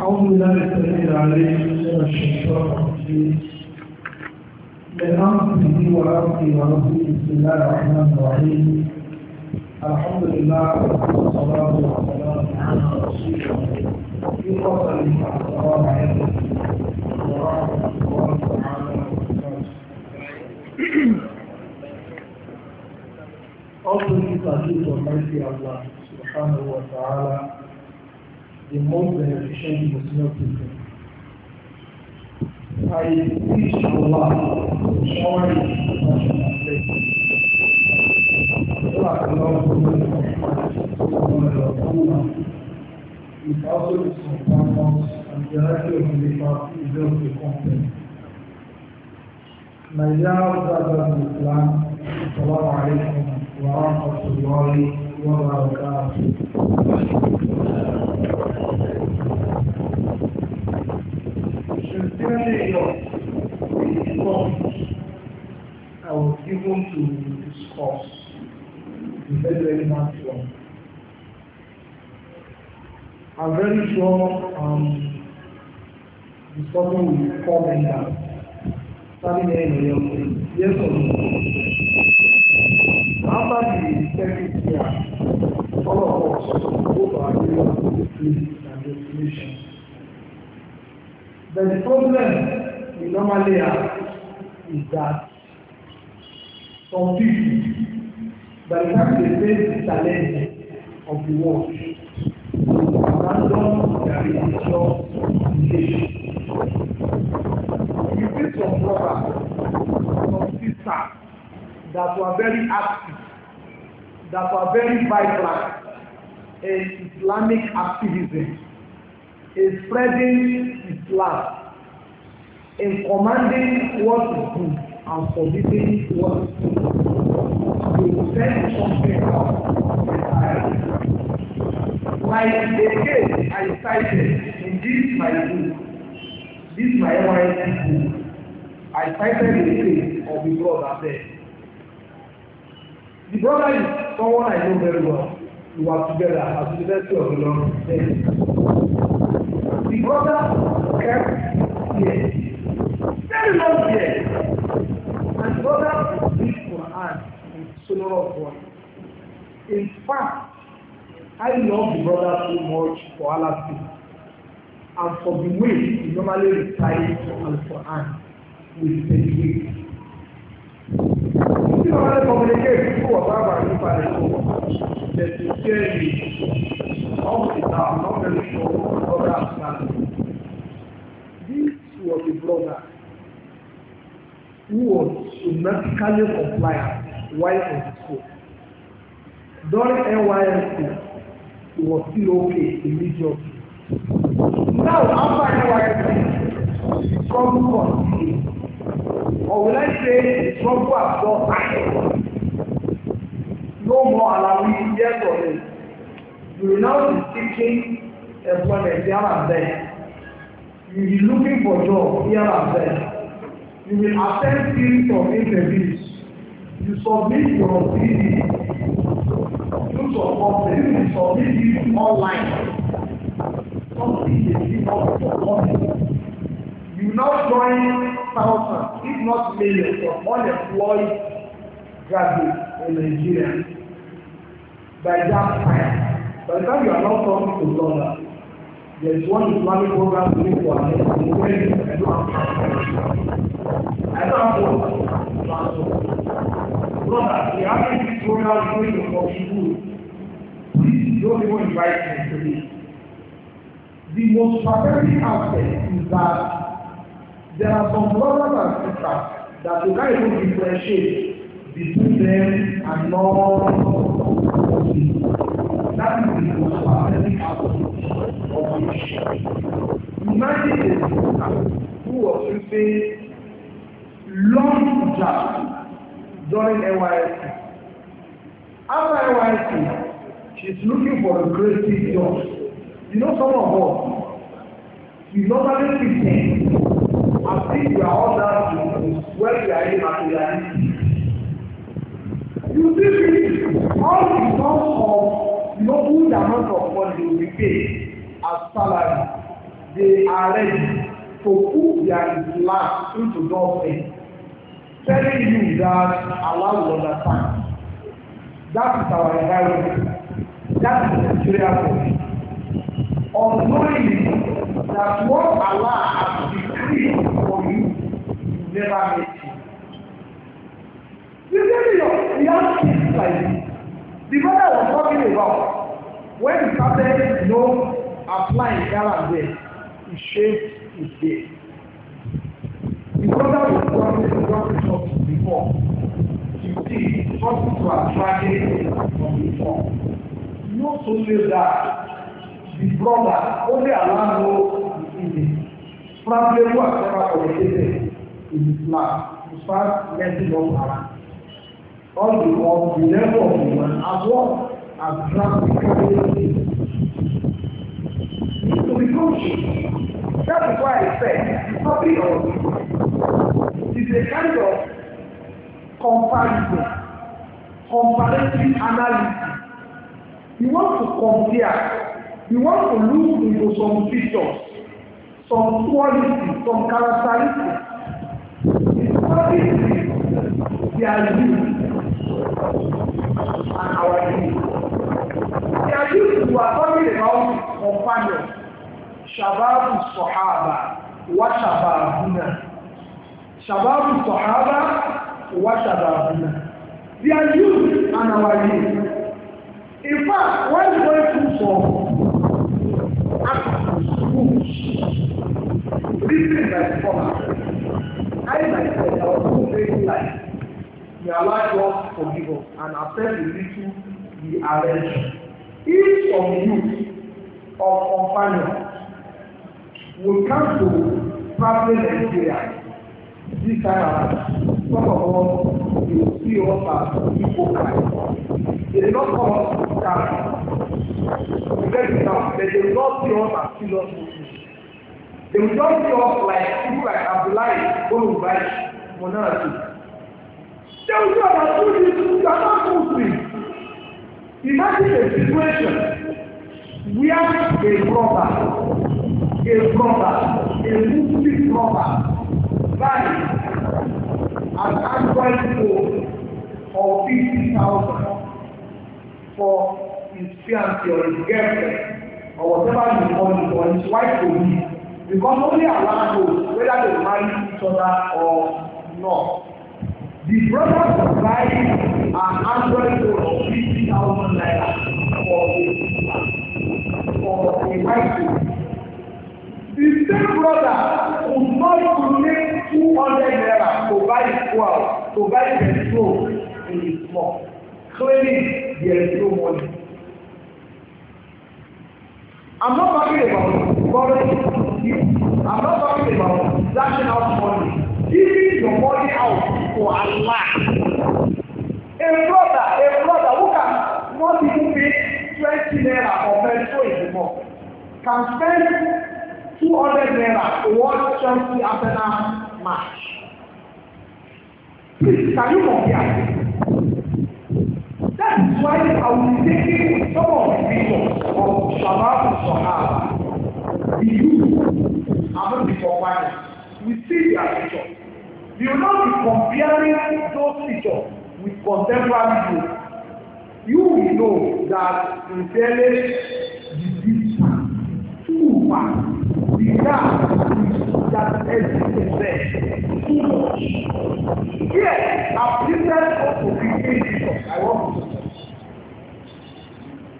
أعوذ بالله السميع العليم من الشيطان الرجيم من أمره وأمره ورسوله بسم الله الرحمن الرحيم الحمد لله والصلاة والسلام على رسول الله في فصل السلام عليكم الله سبحانه وتعالى Also, we thank you for mercy the most beneficent Muslim people. I wish Allah to shower you with and blessings. It also is companions and the idea of the party is just the content. My dear brothers in Islam, Assalamu alaikum wa rahmatullahi وبركاته I was given to discuss the very relevant one. I'm very sure um, discussing will come in now. Starting here in the Yes or no? After the second all of us go back to the and destination. The problem we normally have is that some people, by the time they face the challenge of the world, abandon their religious beliefs. You see some brother, some sister that were very active, that were very vibrant in Islamic activism, in spreading Islam, in commanding what is good and forbidding what is good. To send something out Like the case I cited in this my book, this my NYC book, I cited the case of the brother there. The brother is someone I know very well. We were together at the University of London. The brother kept here. Very long here. And the brother read Quran in of voice. In fact, I love the brother so much for Allah's and for the way he normally recites Al-Quran with the way. You know how to communicate people about our new financial That sincerely, often are not really sure what This was a brother who was genetically compliant while in school. During NYSC, he was still okay immediately. Now, after NYSC, he struggled for Or will I say the trouble has not happened? No more allowing yes or no. You will now be seeking employment here and there. You will looking for job here and there. You will attend series of interviews. You submit your CV. You support you submit it online. Something is not supported. You will not join thousands, if not millions, of unemployed graduates in Nigeria by that time. By the time you are not talking to God, there is one Islamic program to make for an employee. I don't have I don't have one. Brother, the average program is going for school. Please don't even invite me to this. The most perverse aspect is that There are some brothers and sisters that you can't even differentiate between them and non-Muslims. That is the most pathetic aspect of the issue. Imagine a sister who was using long hijab during NYSC. After NYSC, she's looking for a great job. You know some of us, we normally pretend as if you are under to when you are in materiality. You see me, the because of you know good amount of money will pay as salary. They are ready to put their Islam into God's hands, telling you that Allah will understand. That is our environment. That is Nigeria for me. Unknowingly, that what Allah has decreed never met him. You tell me your young kids like this. The brother was talking about when he started, you know, applying here and there, he shaved his beard. The brother was talking about the before. You see, something to attract him from before. Not only that, the brother only allowed no in it. From the work, never for in Islam to start letting us around. All because the level of human as well as drastically to be conscious. That is why I said the topic of is a kind of comparison, comparative analysis. You want to compare, you want to look into some features, some qualities, some characteristics They are used and our needs. They are used to are talking about companions. Shababu Sahaba wa Shababuna. Shababu Sahaba wa Shababuna. They are used and our needs. In fact, when going through some acts, schools, reason that follow, I myself of faithful life. May Allah just forgive us and accept the little we are Each of you of companions will come to traveling Nigeria this time around. Some of us will see us as hypocrites. They did not come up to stand. We get it now. They did not see us as serious Muslims. They will not see us like people like Abdullahi Olubaishi mọ̀nàràkì ṣé ojú ọ̀nà tó ní ìtúkú àtàkùnfì imagine a situation where a brother a brother a muslim brother buy an android phone of fifty thousand for his fiance or his girlfriend or whatever you call it or his wife to be because only allow those whether they marry each other or No. The brothers of life are actually for 50,000 naira for a for a white The same brother would not donate 200 naira to buy fuel, to buy petrol in his mosque, claiming there is no money. I'm not talking about foreign I'm not talking about dashing out money your body out for Allah. A brother, a brother who can not even pay 20 naira for petrol in the month can spend 200 naira to watch Chelsea Arsenal match. Please, can you compare? That is why I will be taking some of the people of Shabbat Sahara, the youth, among the companions. We see their pictures. You will not be comparing those features with contemporary views. You will know that intelligence is distant, too far, the gap that exists in there, too much. Here, I've listed up to 15 pictures I want to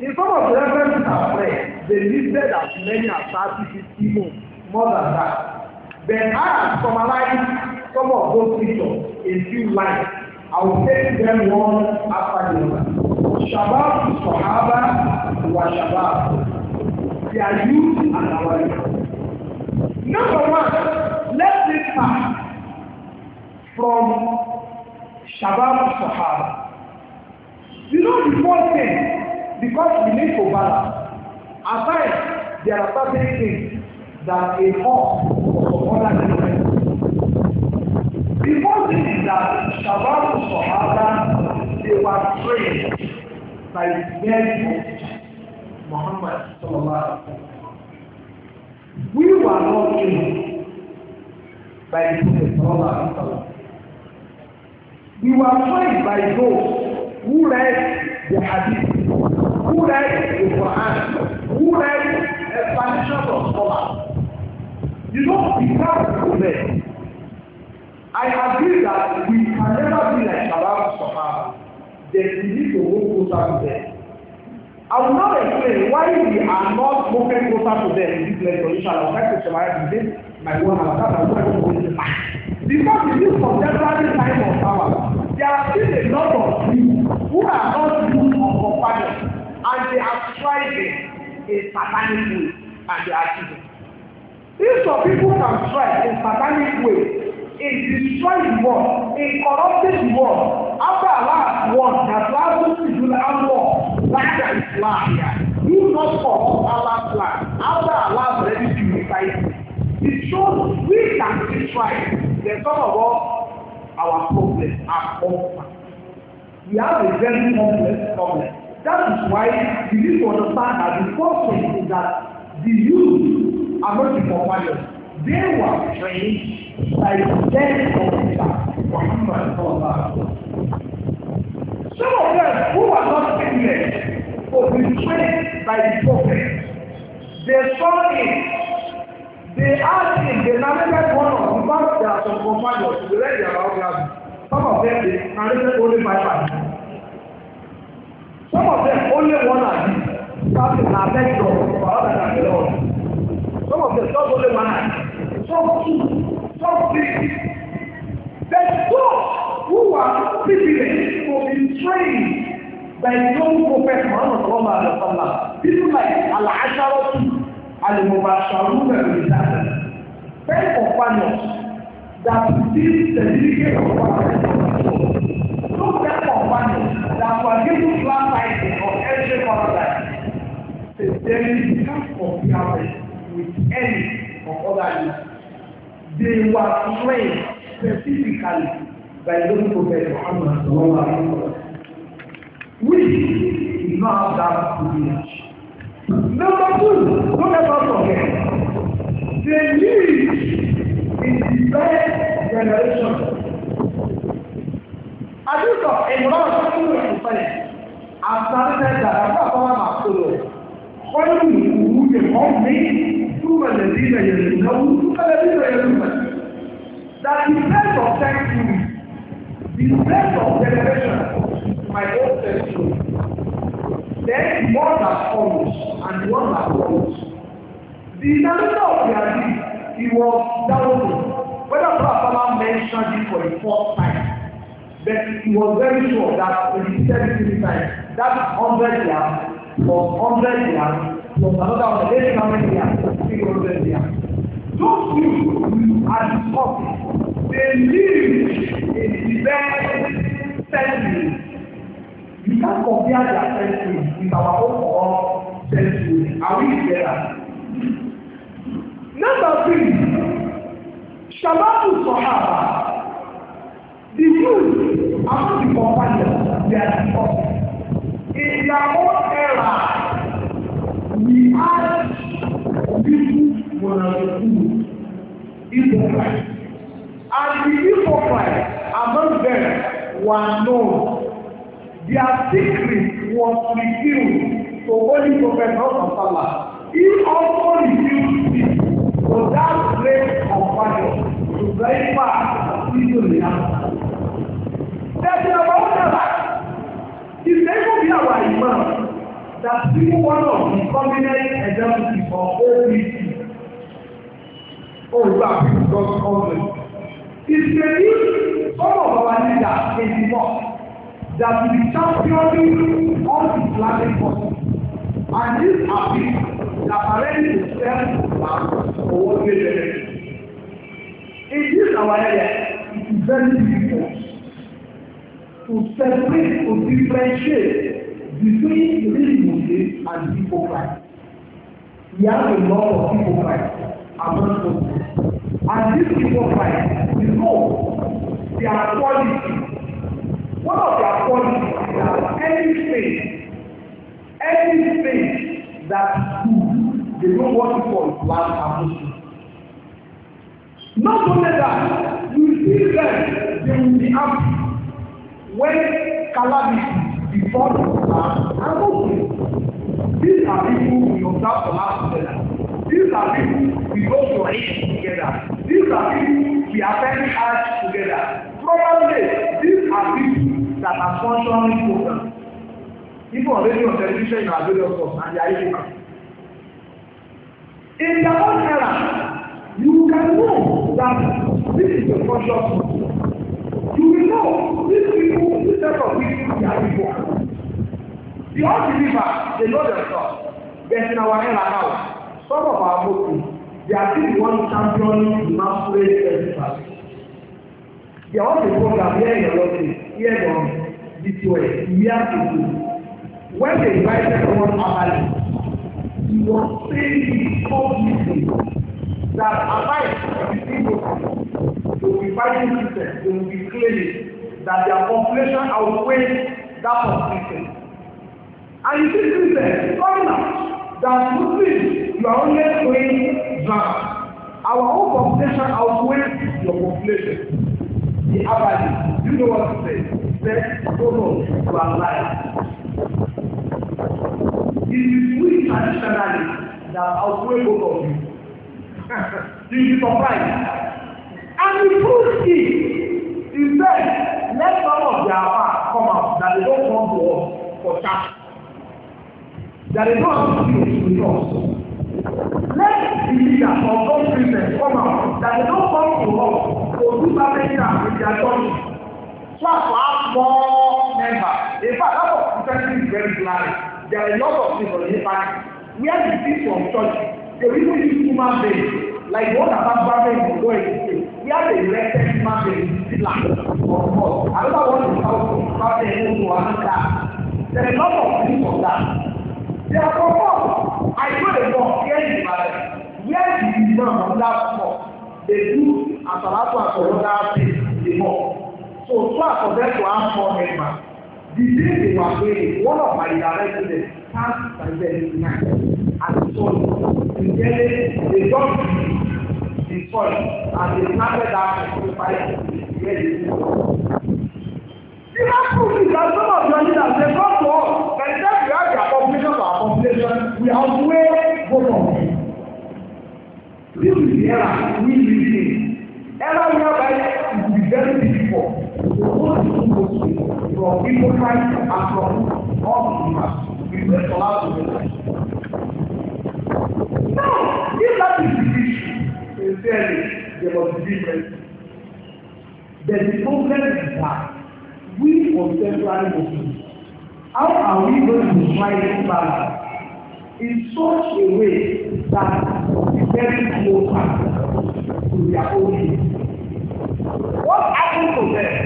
In some of the references I've read, they listed as many as 30, 50, more than that. Then I have summarized Some of those pictures, a few lines, I will take them one after the other. Shabab Sahaba wa Shabab. They are used and our Number one, let's take back from Shabab Sahaba. You know the first thing, because we need to balance. At times, there are certain things that a horse or other The first thing is that for Sahaba, they were trained by the men of Muhammad Sallallahu Alaihi We were not trained by the Prophet Sallallahu Alaihi We were trained by those who read the Hadith, who read the Quran, who read a tradition of scholars. You don't become a I agree that we can never be like Shabbat Sahaba. Then we need to move closer to them. I will now explain why we are not moving closer to them in this lecture. I I'll try to summarize this. My own one hour, that's why I'm going to back. Because in this contemporary time of power, there are still a lot of people who are not used of companions and they are striving a satanic way, and they are cheating. If some people can strive a satanic way a destroyed world, a corrupted world. After Allah won, that last will Allah, like Islam. Do not follow Allah's plan. After Allah ready to recite it shows we can destroy the Then some of us, our problems are complex. We have a very complex problem. That is why we need to understand that the first thing is that the youth are not the companions. They were trained by the death of Muhammad Some of them who were not for were betrayed by the prophet. They saw him. They asked him. They narrated one of them. But there are some companions. We read their biography. Some of them they narrated only my times. Some of them only one at least. Some of them than the Lord. Some of them just only one at least something, that those who are privileged will be trained by young Prophet Muhammad Sallallahu People like Al-Asharatu, Al-Mubasharu, and Rizal, very companions that this certificate of Prophet those companions that were given flat titles on every paradise, sincerely, you can't compare with any of other youths. They were trained specifically by the Prophet Muhammad sallallahu alaihi wasallam. We do not have that privilege. Number two, don't ever forget, The live is the best generation. Àdúgbò ìmọ̀ràn of ń lò fún ẹ̀, àtàlẹ́ ẹ̀dá àgbà tó wà máa tó lọ, wọ́n ní ìwúyè kan mí. ثم الذين يلونه ثم الذين يلونه that the of thank you the best of celebration my own then one that follows and one that follows the narrator of the hadith he was doubtful whether Prophet mentioned it for the fourth time but he was very sure that when he said it three times that hundred yam was hundred yam from another one, let's how many years, 300 Those who are the they live in the best century. You can't compare their century with our own century. Are we together? Number three, Shabbat Sahaba. The youth among the companions, they are the top. In their own era, Munafiqun hypocrites. And the hypocrites among them were known. Their secret was revealed to Holy Prophet Muhammad. He also revealed it to that great companion to very far the answer. There's a wonder if they go be our imam that people one of the prominent examples of all people Oh, over come in. It's the need some of our leaders in the north that we championing all Islamic forces. And this happy that already itself has overwhelming them. In this our area, it is very difficult to separate to differentiate between the real Muslims and the hypocrites. We have a lot of hypocrites are not And these people fight, we know their quality. One of their qualities is that anything, anything that good, they know what it call last happened to. Not only that, you see them, they will be happy when calamity before the land and also these are people we observe for last These are people we go to Eid together. These are people we attend Hajj together. Probably these are people that are functioning programs. Even are radio and television, you are very awesome and they are illegal. In the own era, you can know that this is a conscious people. You will know these people, this set of people, they are evil. The unbelievers, they know themselves. But in our era now, some of our motives they are still the one champion, the masquerade festival they are all the program here in Olofin here on BTOS years ago when they invited someone abali he was saying so easily that abali be people they will be fighting system they will be claiming that their population outweighs that of and you see system governor that muslims you are only doing that. Our own population outweighs your population. The Abadi, you know what to say. Say, no, no, you are lying. It is we traditionally that outweigh both of you. You'll be surprised. And the truth is, is that let some of their part come out that they don't come to us for tax. That they don't use with us. Let the leader or God present come out that they don't come to us to do something that we are doing. So as to have more members, in fact, that was presenting very clearly. There are a lot of people in fact where the people from church they even use human beings like one that has barbarian go exist where they erected human beings pillar or mud. Another one is how to barbarian go to another. There are a lot of things for that. They are for I know the law, here is Ibadan. Where the Imam on that spot, they do Asalatu and some other things in the mosque. So far for them to have four members. The day they were praying, one of my direct students passed by them night and saw it. Together, they just the soil and they planted that sacrifice where they do the last two weeks, some of your leaders, they come to us, by the we have their population, our population, we are era we living era whereby it be very difficult to go to go to from hypocrite and from all believers we dey allow to dey like. now if that is the issue sincerely there must be difference but the problem is that we contemporary muslims how are we going to find balance in such a way that the very close to their own needs. What happened to them?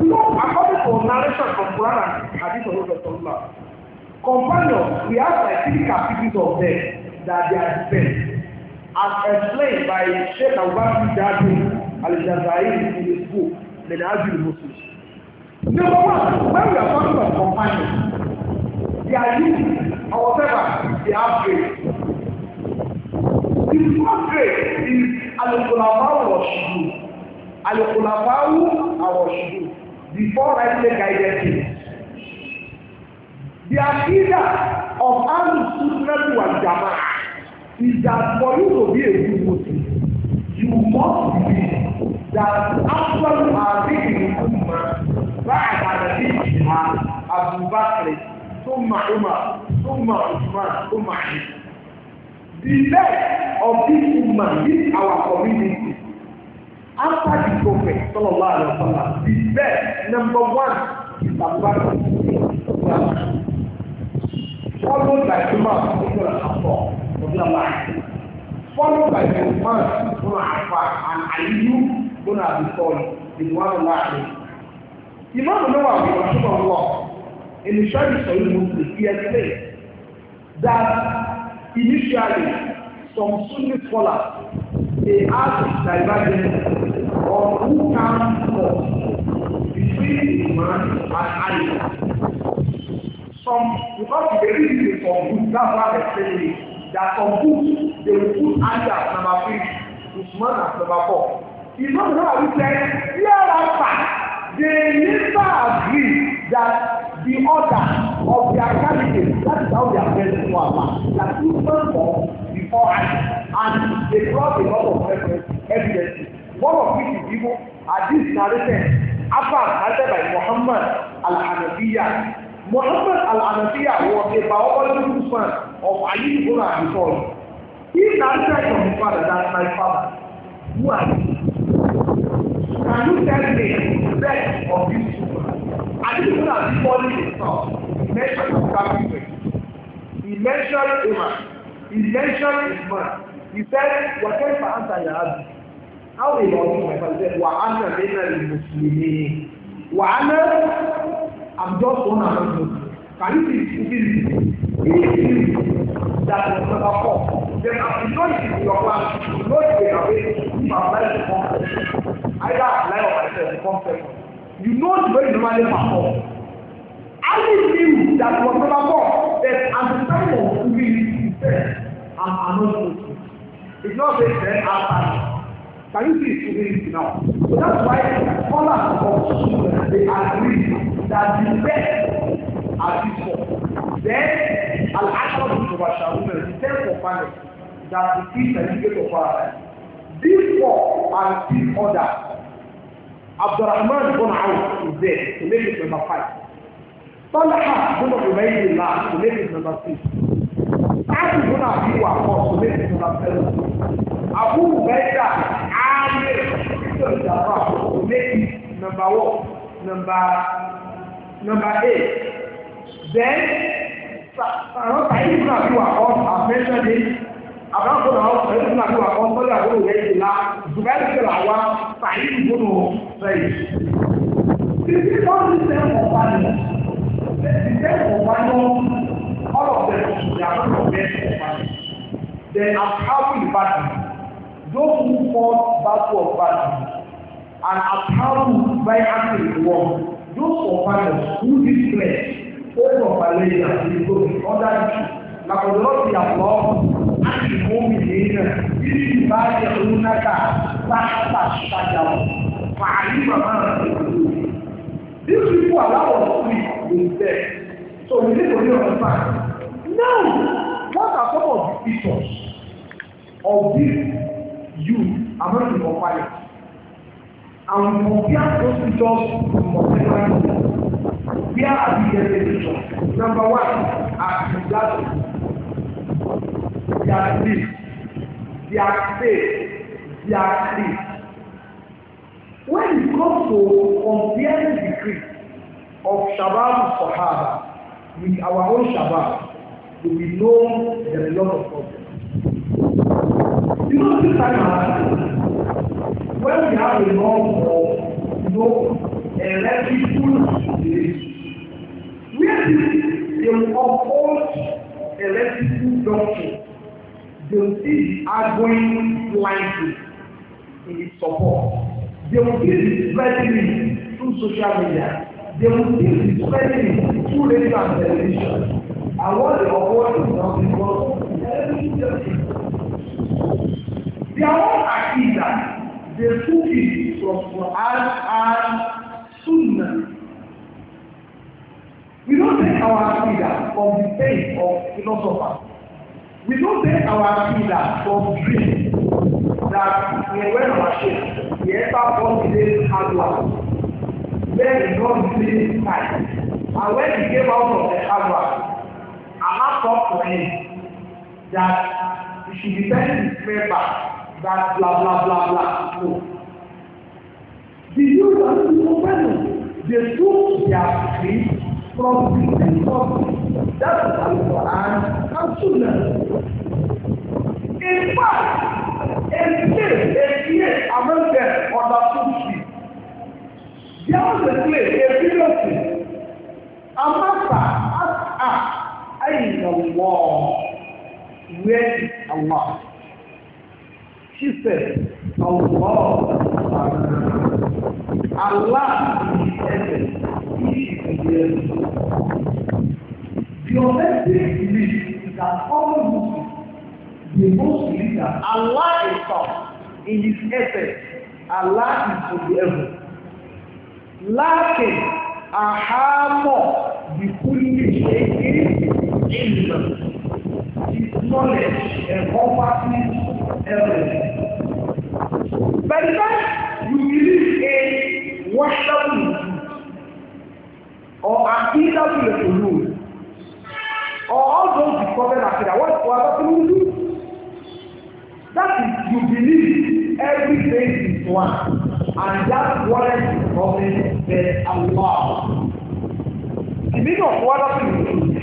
You know, according to narration from Quran and Hadith of Prophet Sallallahu companions, we have like three categories of them that they are dependent. As explained by Sheikh Abubakar Jadu Al-Jazari in his book, Menazir Muslims. Number one, when we are talking about companions, they are used, however, the average. The fourth grade is Al-Khulafawu Rashidu. Al-Khulafawu Rashidu. The four rightly guided identity, The agenda of Al-Sunnah wal Jama'ah is that for you to be a good Muslim, you must believe that after you are making a good man, the بعد نبيها أبو بكر ثم عمر Umar Usman, Umar Ali. The death of this woman is our community. After the prophet, sallallahu alaihi wasallam, the death, number one, is Abubakar Followed by Umar Ibn Khattab, Followed by Umar Ibn Affan and Ali Ibn Abi Talib, the one of Allah. Imam Nawawi, Rasulullah, in the Shadi Sahih Muslim, he explained that initially some Sunni scholars they ask divergence on who can first between man and Ali. Some because the reason is from good that's why they say that some good they will put Ali number three man as number four. know Imam Nawawi said hereafter they never agree that the order of their candidates. That is how they are best for Allah. That you stand for before us. And they brought a lot of evidence. One of which is even hadith narrated after narrated by Muhammad al-Hanafiya. Muhammad al-Hanafiya was a biological son of Ali ibn Abi Talib. He narrated from his father that my father, who are you? Can you tell me the best of this woman? addition as body itself he mentioned his capital he mentioned Abraham he mentioned his man he said whatever answer you have how they love you my father he said wa ana lena the muslimin wa ana i'm just one among muslims can you see you see this you see this that was number four then as you know it is your plan you know it is your way you have life to come first either I lie or myself to come first you know the way you normally perform. Ali knew that was number four that at the time of moving he said I'm not noticed. It's not say then after. Can you see it's moving now? So that's why scholars of children they agree that the best are this one. Then Al-Ashab al-Mubashar women, the ten companions that the peace and the gate of paradise. These four and this order. Abdurrahman bin Auf is there to make it number five. Talha bin Ubaydillah to make it number six. Sa'ad bin Abi Waqqas to make it number seven. Abu Ubaidah Amir bin Jarrah to make it number one, number number eight. Then Sa'ad bin Abi Waqqas have mentioned it àbúrò náà ọ̀sẹ̀ tó náà tó wà kọ́ sọ́dọ̀ àbúrò rẹ̀ yìí la zùbẹ́rì tó làwà fàyè ìgbónú rẹ̀. Títí wọ́n ti tẹ́ wọn wá ní ti tẹ́ wọn wá ní ọ̀rọ̀ bẹ̀ ìyàtọ̀ bẹ̀ wá ní. Then àbúrò ìbàdàn yóò mú fọ́ bàtú and àbúrò báyìí àti ìwọ̀ yóò sọ̀ padà wú ní flesh ó sọ̀ padà lẹ́yìn àti ìgbónú ọ̀dà ìṣù. المؤمنين إذ يبايعونك تحت الشجرة فعلم ما في قلوبهم These people allow us to sleep with them. So we need to be understand. Now, what are some of the features of this youth a the companions? And we compare those features to Moses. Where are the definitions? Number one, as regards their lips, their faith, their faith. When it comes to comparing the decree of for her with our own Shabbat, we will know there is a lot of problems. You know, this time around, when we have a norm of, you know, a reputable religion, where is it? They will uphold a reputable doctrine. They will see arguing blindly in his support. They will see threatening through social media. They will see threatening through radio and television. And what they are avoid is not because they are all accusers. They took it from Quran and Sunnah. We don't take our leader from the faith of philosophers. We don't take our Akida from dreams that we wear our shape. We enter from today's hard work. Then we go to today's time. And when he came out of the hard work, Allah talked to him that he should defend his prayer back. That blah blah blah blah. No. The youth are not even open. They took their faith from the same That's the Quran súnà. In fact, in this, in here, among them understood she. There was a place, a village, a master asked her, Ayn Allah, where is Allah? She said, Allah, Allah is heaven, He is the earth. The authentic belief that all Muslims, the most leader, Allah himself in his essence. Allah is forever. Lakin ahamo bikuli shay'in ilm. His knowledge and encompasses everything. By the you believe in worship or Aqidah to rule. Or all those with problem akida, what what will you do? That is, you believe every everything is one, and that one is problem that Allah. The meaning of what will you do?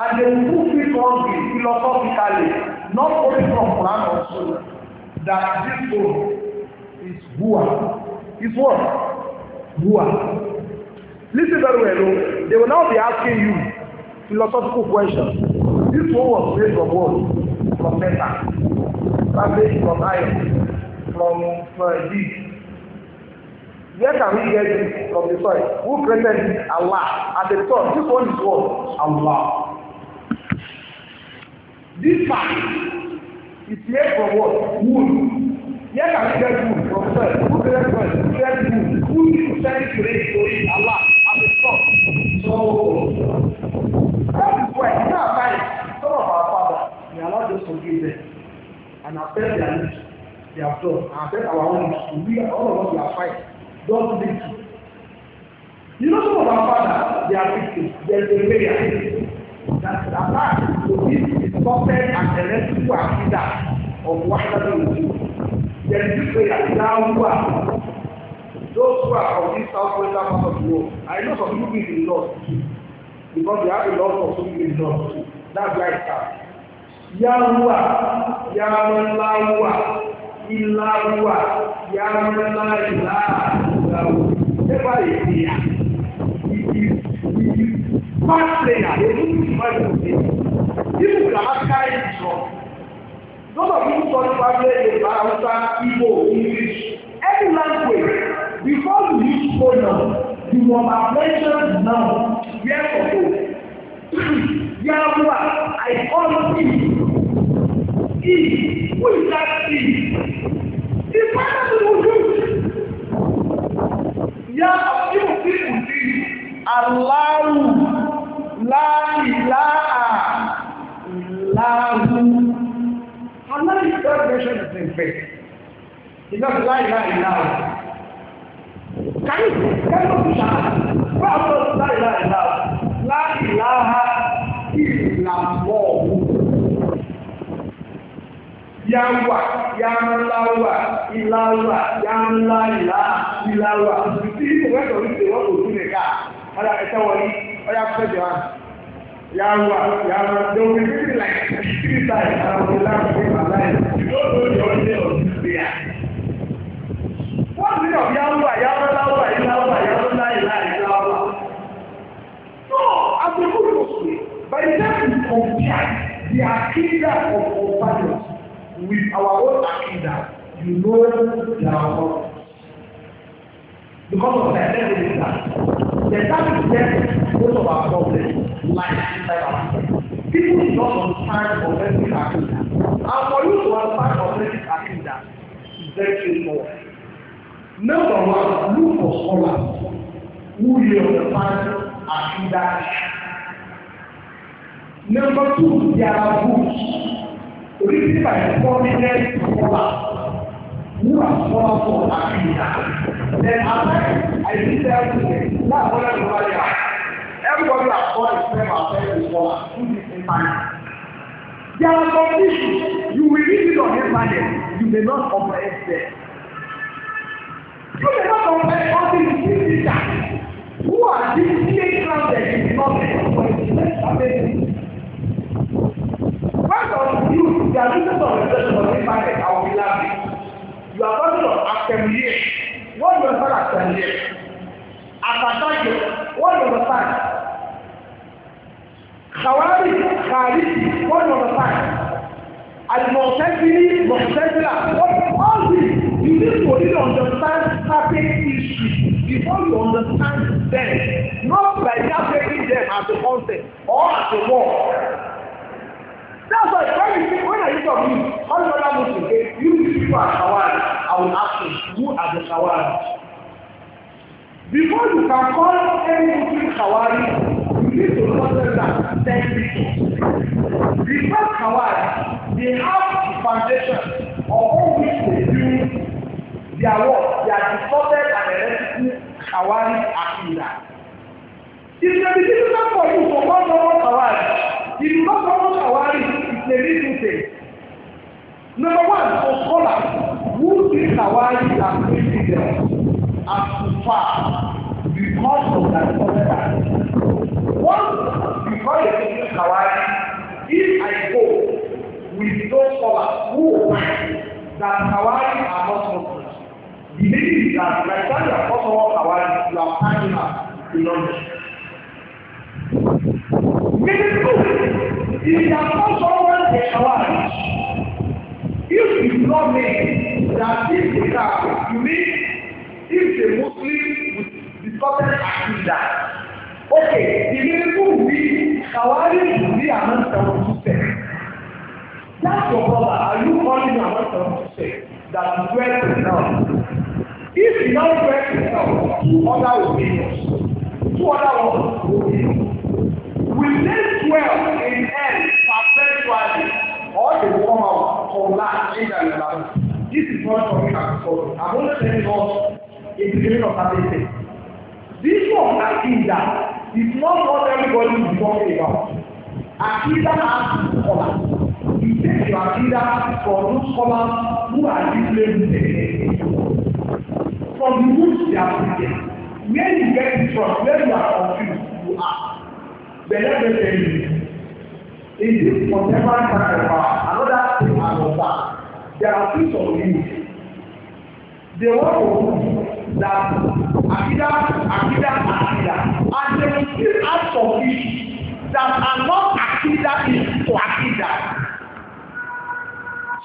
and they will feel hungry philosophically not only from Quran or Sunnah that this one is Bua is what Bua listen very well they will now be asking you philosophical question. This one was made from what? From metal. That's made from iron. From uh, this. Where can we get this from the soil? Who created it? Allah. At the top, this one is what? Allah. This part is made from what? Wood. Where can we get wood from soil? Who created soil? Who created wood? Who is sending to it? Allah. At the top. So, Some of our fathers, they are not just forgive them and accept their needs, they have done, and accept our own needs. We, all of us, we are fighting. Don't be it. You know, some of our fathers, they are victims. There is a prayer that apart to this is perfect and the electrical agenda of what happened with you. There is this prayer, now who are. Those who are from this southwestern part of the world, I know some of you the north because they have a lot of something not to. That's lifestyle. Yahua, Yahua, Ilahua, Yahua, Never a prayer. It is, it is fast player. They don't use much of it. People can actually use it. None of you talk about it, Hausa, Igbo, English, any language. Before you use pronoun, you were mentioned now. Therefore, Yahweh, I call thee. He, who is that he? The Father will do. Yahweh, you will be Allah, la ilaha, lahu. Allah is God mentioned in faith. He does la ilaha, lahu kàyí kẹ́lọ́ fi ṣá fún àwọn láìlá ìlà láìlá ìlàmọ́ yáwà yáńláwà ìláwà yáńlá ìlà ìláwà tí ìfowópamọ́ ìṣe wọ́n kò tún lè ká ọ̀dà ẹ̀ṣẹ́ wọlé ọ̀dà fẹ́jọ́ wa yáwà yáwà lórí títí láì títí láì àwọn ìlànà ìlànà ìlànà ìlànà ìlànà ìlànà àbúrò as a good Muslim, by the time we compare of companions with our own akida, you know they are wrong. Because of that, let me say that. The time is there, most of our problems lie inside our People do not understand authentic akida. And for you to understand authentic akida, is very Number one, look for scholars who on the understand Aqidah. Number two, there are books written by prominent scholars who are scholars for Aqidah. Then after I did tell you, not only nobody else. Everybody has called himself as a scholar who is in mind. There are some issues you will read it on internet, you may not comprehend there. You cannot compare all these things who are deeply grounded in nothing for his best amazing. Part of you, the abusers of research for this market are will be laughing. You are talking of affiliate. What do you understand affiliate? After what do you understand? خوارج خارجي what do you understand? المعتزلي معتزلة what all these need to really understand certain issues before you understand them, not by just taking them as a concept or as a word. That's why when you think, when I think of you, all the other Muslims say, you people are Khawarij. I will ask you, who are the Khawarij? Before you can call any Muslim Khawarij, you need to understand that ten people. The first Khawarij, they have the foundation of all which They are what they are distorted and heretical kawari Akira. If may be difficult for you to come from kawari, If you come kawari, Hawari, it may be Number one, for scholars who treat Hawari as infidels, as far because of that concept. One, before you go kawari, if I go with those scholars who find that kawari are not Muslim, The meaning is that by the time you are first of all aware, you are finding out the knowledge. Meaning good, if you are first of all aware, if you know me, that this you are, you mean if the Muslim with the certain agenda, okay, the meaning good be Kawari to be among seventy percent. That's your brother. Are you calling among seventy percent? That is where the now. If you don't break yourself, two other opinions, two other opinions, will they dwell in hell perpetually or the will come out from that in their life? This is not something I'm sorry. I'm only telling us in the beginning of that day. This one, that is not what everybody is talking about. Akida has colors we take your agenda for those scholars who are disclaiming from the roots they are taken where you get it from where you are confused you are bẹlẹbẹlẹ yìí in this contemporary time of our another thing i go back there are two sort of you they wan to know that agida agida agida and they still ask for issues that are not akida is to akida.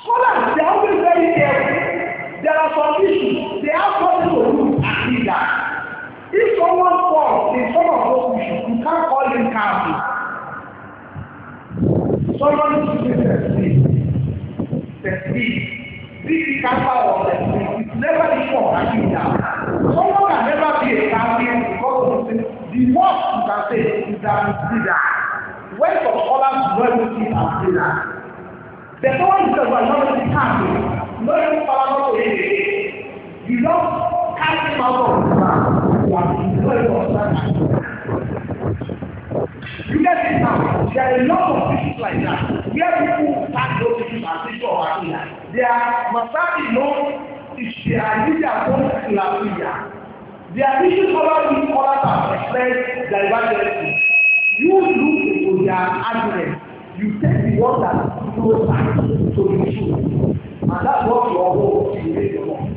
So that they always very careful. There are some issues. They have something to do and lead that. If someone falls in some of those issues, you can't call him careful. Someone is using the speed. The speed. This or the speed. It's never the fault that you have. Someone can never be a champion because of the The worst you can say is that he's leader. When some scholars do not even see as leader, The point is that we are not standing, not even parallel to him. You don't cast him out of Islam. You are destroyed of You get it now. There are a lot of issues like that. Where people start those things and people are in that. There must be no issues. There are issues that don't There are issues over which others have expressed divergences. You look into their arguments you take the one that is close to the issue and that's what your role is in the world.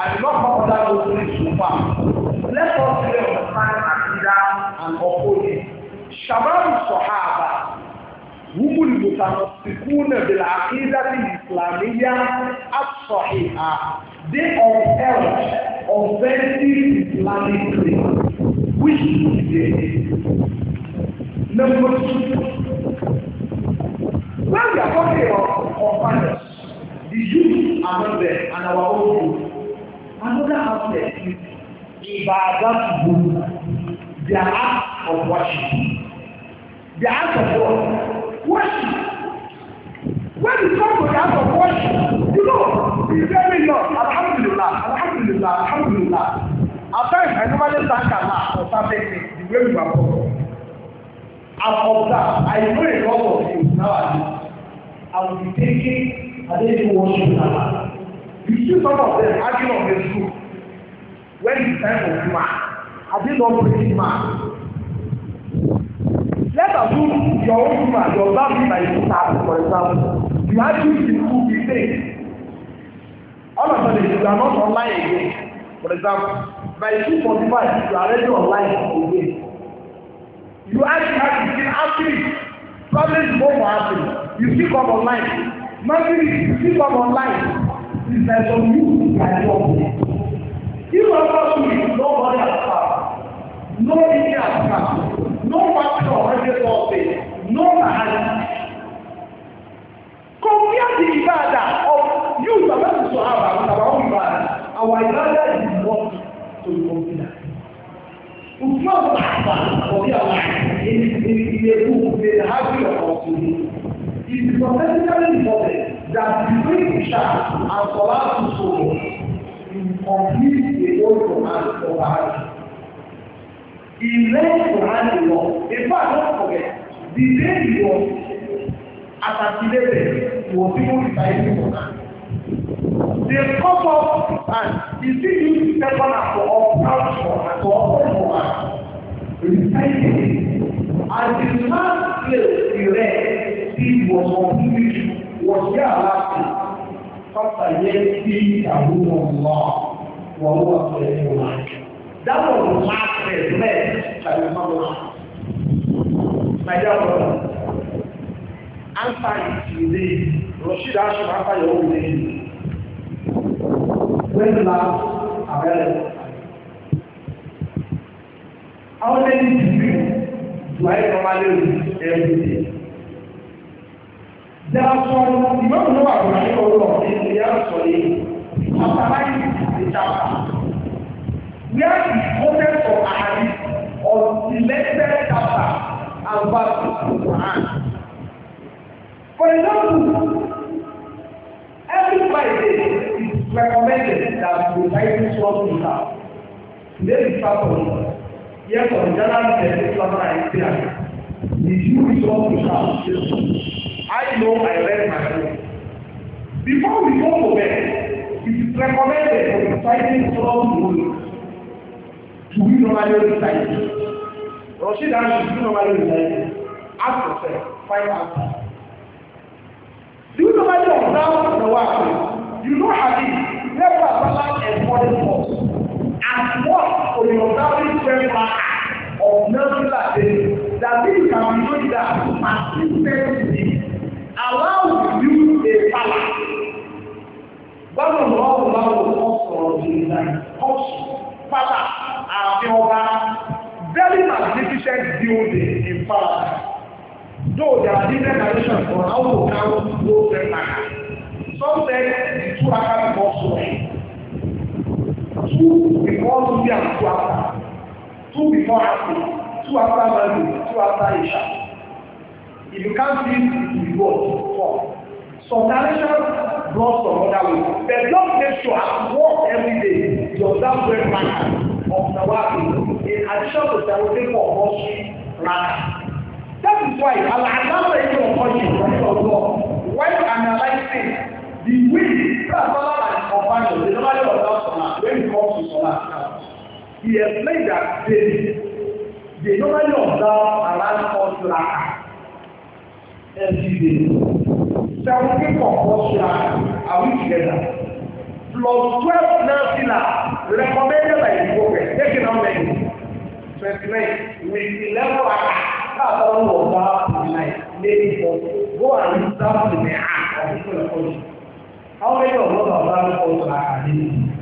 I do not come under those things so far. Let us pray on the time and leader and uphold it. Shabaru Sahaba هم المتمسكون بالعقيدة الإسلامية الصحيحة. They upheld authentic Islamic creed, which is the number two. When we are talking about our companions, the youth among them and our own youth, another aspect is Ibadatubu, their act of worship. The act of what? Worship. When we come to the act of worship, you know, we very love, Alhamdulillah, Alhamdulillah, Alhamdulillah. At times, I normally thank Allah for something, the way we are born. I've that I know a lot of things nowadays. I will be taking and then you worship Allah. You see some of them arguing on Facebook when it's time for Juma. Are they not praying Let us do your own Juma, your family by yourself, for example. You are doing the school the same. All of a sudden, you are not online again. For example, by 2.45, you are already online again. You ask how to see after Problems go for after You see come online. Monthly, you see come online. It's like some you like love. If I want to be nobody has come. No India has come. No pastor already told me. No man Compare the Ibadah of you that to have our own Ibadah. Our Ibadah is what to compare. Ujọ́ pàpà òbí ọ̀la ìlú the happy opportunity is prophetically important that the great church and solar system complete the whole command of our He learned to handle law. In fact, don't forget, the day he was assassinated, he was even reciting Quran. They come up and you see you seven and four, proud for and for all for us. Reciting. As the man placed the red, this was on which was here last year. After yet seeing the rule of law, for who was the new man. That was the last red, red, that is come last. My dear brother, answer is today. Rashid Ashim, answer your own name when love available. How many people do I normally read every day? There are some, you don't know about my own in the answer chapter 9 is the chapter. Where is focus for Ahadith on selected chapter and verse of For example, every Friday is recommended that the society swap to have. Today is Saturday. Yes, on January 2019, the Jew is what to have. I know I read my book. Before we go to bed, it is recommended for reciting from the rule to be normally recited. Rashid Ali should be normally recited. Ask yourself, find out. Do you normally observe the word? You know how hadith, never balance and body force. And what for your family member of Nebula day, that this can be known that consistency allows you a balance. Báwo ni wọ́n wọ́n wọ́n wọ́n sọ̀rọ̀ sí ìlà ìkọ́sù pátá àti ọba very magnificent building in Paris. Though there are different traditions for how to count those ten naira. India two after, two before after, two after Monday, two after Isha. If you can't see it, you go for. Some directions brought some other way. But just make sure at work every day, your observe well manner of the Nawabi in addition to Saturday for Moshi Rana. That is why Allah is your question from your law. When analyzing the way that Allah has commanded, the knowledge of that Salah, when it comes to Salah, he explained that they they normally observe around four raka every day Seventeen. for four raka are we together plus twelve nafila recommended by the prophet taking how many twenty-nine with eleven raka that's how we observe the night maybe for go and read to the hand of the people of the how many of us observe four raka daily.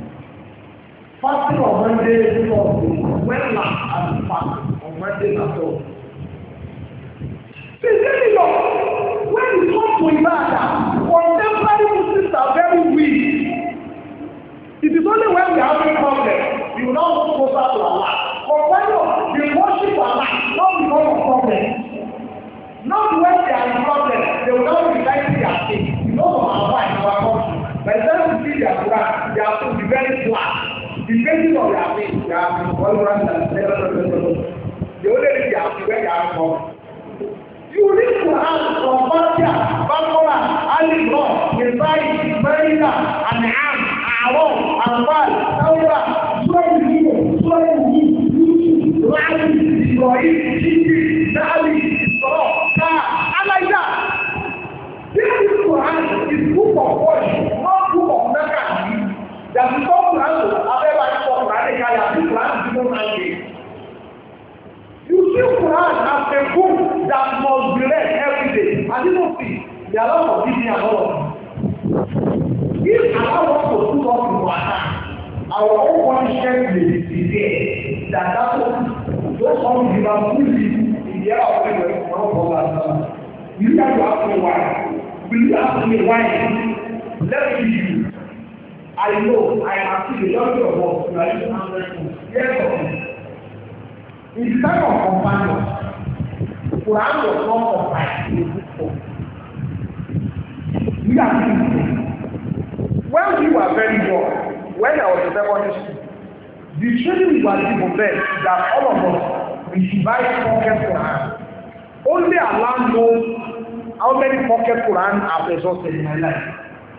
Fasting on Monday is not when last and fast on Monday at all. See, there you When you come to Ibadah, contemporary Muslims are very weak. It is only when we are a problem you will not go closer to Allah. Companion, you worship Allah, not because of problem. Not when they are in problem, they will not recite their faith. You know from our mind, our country. But the time we see their Quran, they are to be very flat depending on their faith, they are one hundred and seven They only read their faith where they are from. You read Quran from Fatia, Bakora, Ali Law, Nisai, Merida, and Am, Aaron, Anbal, Tawra, Surah Yusufu, Surah Yusufu, Lali, Ibrahim, Jiji, Dali, Isra, Ka, Alaida. This is Quran is book of worship, not book of Nakani. That is desire the Quran given mandate. You see Quran as a book that must be read every day. I didn't see. There are lots of people and If Allah wants to put us in our our own punishment may be there. That that's what those unbelievers who live in the era of the world You have to ask me why. Will you ask me why? Let me give you. I know I have seen a lot of work, you are even hundred sir. In terms of companion, Quran was not combined in a form. We are people. When we were very young, when I was in secondary school, the training we were given then that all of us we divide pocket Quran. Only Allah knows how many pocket Quran I've exhausted in my life.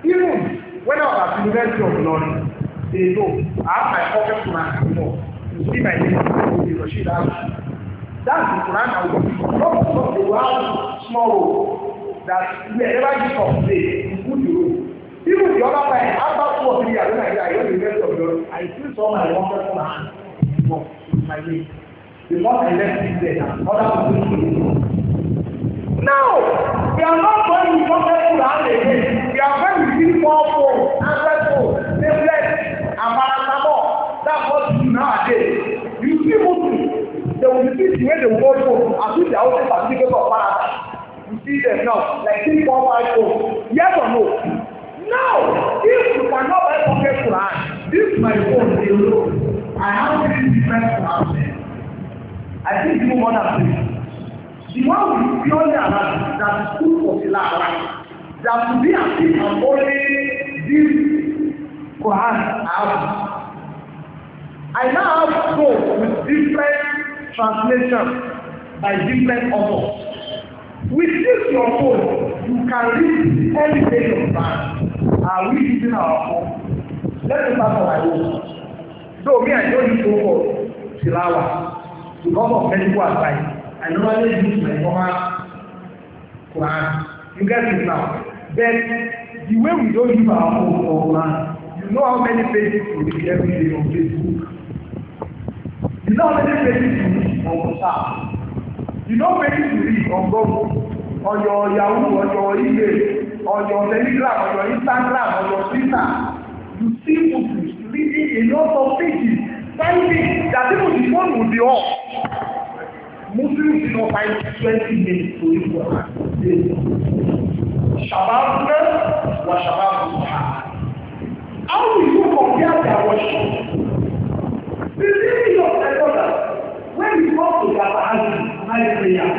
Even whether I was at university or not, they know. I have my pocket Quran my more. You see my name, you will be That's the Quran I will be. Not because they will have small road that wherever you come today, you put the road. Even the other time, after two or three years, when I get the rest of yours, I still saw my pocket Quran more. It's my way. The more I left it there, other people will Now, we are not going to talk about again. We are going to be more food, ancestral, tablets, and paracetamol. That's what you nowadays. You see Muslims, they will see the way they will go through as if they are also certificate of paradise. You see them now, like three, four, five, four. Yes or no? Now, if you cannot buy pocket Quran, this my phone is low. I have three different Quran. I think you want to The one with purely Allah that is good for the life, that will be as if and only this Quran have. I now have to go with different translations by different authors. With this your phone, you can read any page of that. Are we using our phone? Let me start on my own. So, me, I don't use phone for Tilawa because of medical advice. I normally use my normal Quran. You get it now. Then the way we don't use our own Quran, you know how many pages we read every day on Facebook. You know how many pages we read on WhatsApp. You know pages we read on Google, on your Yahoo, on your email, on your Telegram, on your Instagram, on your Twitter. You see Muslims reading a lot of pages. Finding that even the phone will be off. Muslims you know by 20 minutes to eat for Shabab wa Shabab How do you compare their worship? The thing of my brother, when we come to their Bahari, my prayer,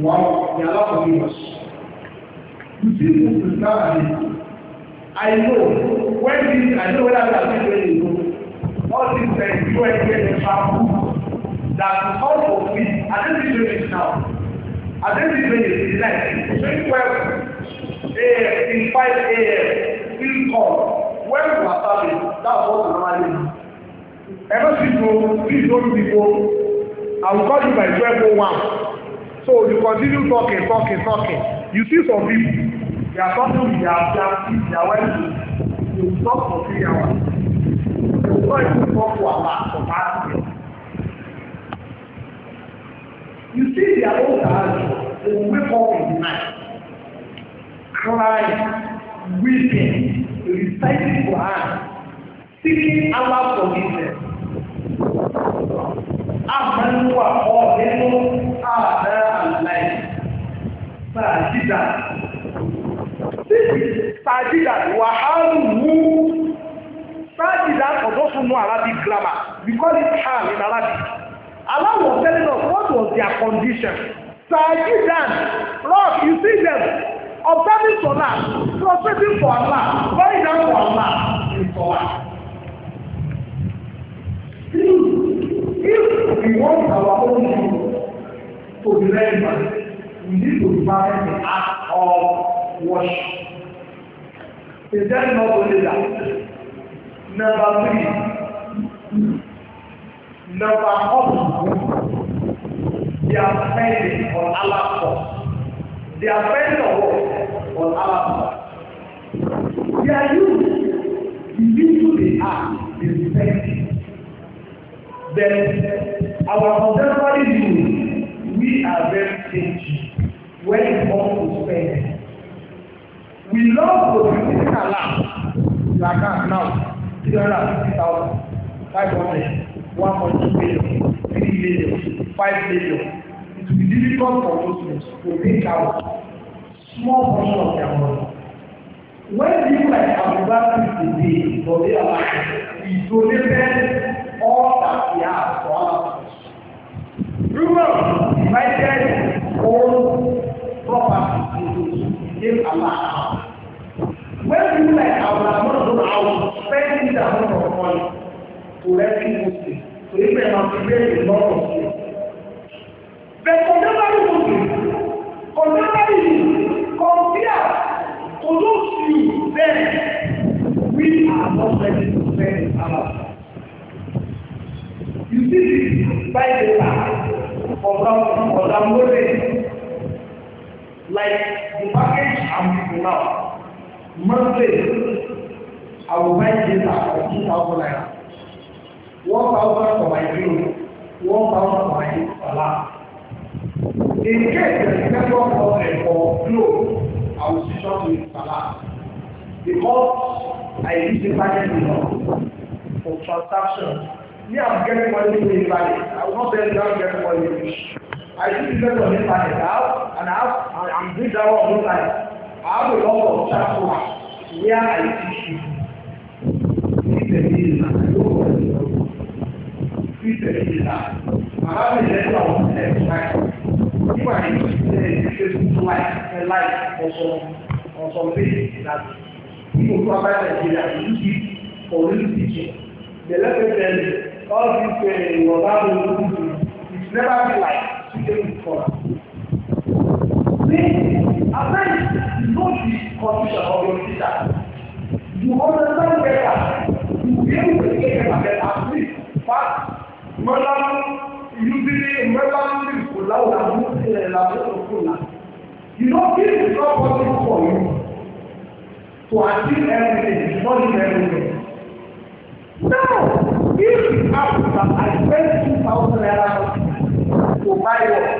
wow, they allow forgive us. You see, this is not an I know when this, I know whether that is when you know. All these things, uh, you and explain the that all of this identity training now identity training is like twenty twelve a.m. till five a.m. still come when you are serving that's what you normally do ever since you please don't be go i will call you by twelve oh one so you continue talking talking talking you see some people they are talking with their their kids their wife they will talk for three hours so you go talk to allah for that. You see their old eyes, they will wake up in the night, crying, weeping, reciting Quran, seeking Allah's forgiveness. Amanu wa ọ̀dẹ́nu àdá àláì. Sàdídà. Sàdídà wà áàrùn-ún. Sàdídà for those who know Arabic grammar, we call it hal in Arabic. Allah was telling us what was their condition. So I give them, Lord, you see them observing Salah, prostrating for Allah, bowing down for Allah in Salah. If we want our own people to be relevant, we need to find the act of worship. Is that not only that? Number three. Number one, they are spending on Allah's cause. They are spending on what? On Allah's cause. They are used. The people they spend. Then our contemporary youth, we are very stingy when it comes to spend? We love to visit Allah. You are now, three hundred fifty thousand five hundred one point two million three million five million it will be difficult for those men to make out small portion of their money when people like abubakar today for their life he donated all that he had for our Ruben divided all property into two gave Allah when people like abubakar don out spend that amount of money to him rescue muslims torí pé máa fi bẹ́ẹ̀ lọ́rọ̀ sí ẹ̀. bẹ́ẹ̀ kò dábàá ní gbogbo kò dábàá ní kọ̀ǹpíà kò ló sì bẹ́ẹ̀ wí àtọ́sẹ́ni tó fẹ́ ara. you see this by the time of ọ̀dà mọ́lẹ̀ like the package I'm giving now monthly I will buy data for two thousand naira one thousand for my bill, one thousand for my salah. In case there is federal problem for clothes, I will switch on to salah. Because I use the budget law for transaction. Me, I'm getting money from the budget. I will not tell you I'm getting money from I use the on the budget out and out, and I'm doing that one on the I have a lot of transfers where I teach the reason ìbẹ̀rẹ̀ ìlà bàbá mi lẹ́yìn àwọn ọ̀sẹ̀ ìṣáì nígbà yìí ṣe ṣe tuntun láì ẹ láì ọ̀sọ̀ ọ̀sọ̀ bíi ìdájọ́ nínú tó abá nàìjíríà yìí ti ọ̀rọ̀ ti jẹ lẹ́lẹ́pẹ̀tẹ̀lẹ̀ all this way ìwọ̀nba ló ń bí it's never be like today before. This abeg is not the condition of your teacher. You understand better. You be able to take better better mọ́lá ìlú bí i mọ́lá ní ìkòlá làwọn ilẹ̀ làwọn òkúlà. You know, this is not possible for you to achieve everything, not in everything. Now, if that I spend 2,000 naira to buy one,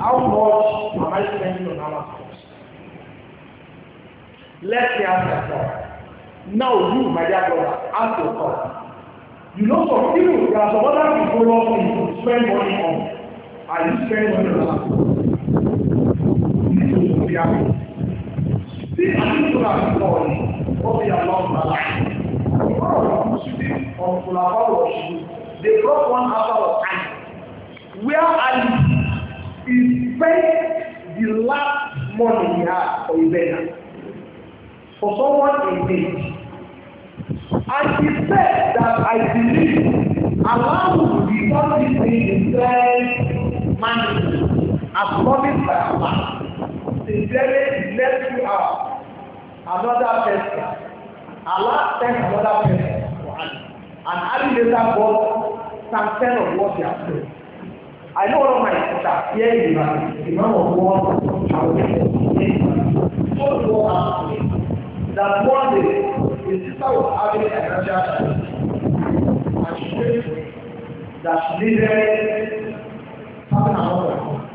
how much am I spending on our cost? Let's say ask Now you, my dear brother, ask yourself. You know some people, there are some other people who love spend money on. are you spend money on that. This is what we are doing. what I think that is all. What we are not allowed. The power of Muslims on Kulapa worship, they brought one after of Ali. Where Ali is spent the last money he had for Ibena. For someone in need. I said that I believe Allah will be this thing in fair manner as promised by Allah. Sincerely, let you out another person. Allah sent another person to Ali. And Ali later got sanction of what he has said. I know all of my sisters here in Iran, the man of war, I was in So it was that one day instead of having a natural child, and she said that she needed having another one.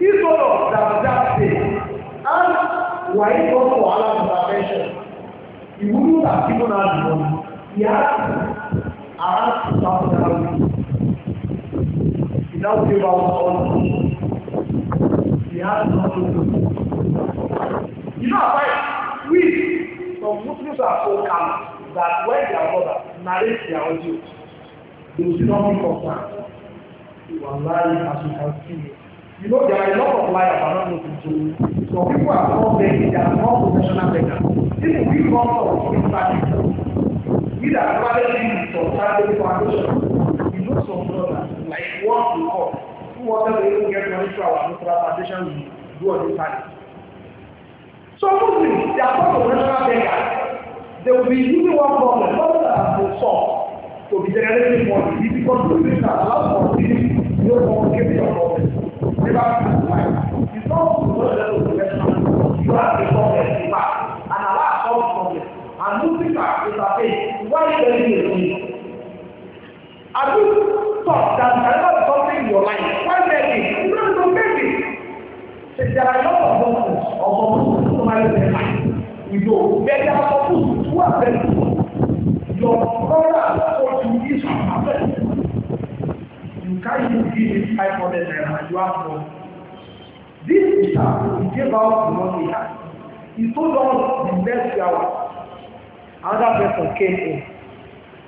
If all of that that day, and were it not for Allah's intervention, he wouldn't have given her the money. He had around two thousand dollars. He now gave out all the He had nothing to do. You know, I we Muslims are so calm that when their mother narrates their audio, they will still not be concerned. You are lying as you can see. You know, there are a lot of liars around the world. So people are not begging, they are not professional beggars. Even we come from the practice. We that started this for family foundation, You know some brothers, like one to come, who wanted to even get money through our neutral foundation, we do on the party. So Muslims, they are part of national beggar. They will be using one problem, problems that have been solved, to be generating money. It's because Muslims are allowed for this, no complicated your problem. Never mind. It's not to go to the national You have a problem, you have, and Allah solves problem. And Muslims are interface. Why are you a need? Are you taught that you there is something in your life? Why make it? You don't know maybe. So there are a lot of problems, of problems marry them you know then they are supposed to have them your brother or to is you can't even give him five hundred naira you have more this is how he gave out the money he had he told us the next few hours another person came in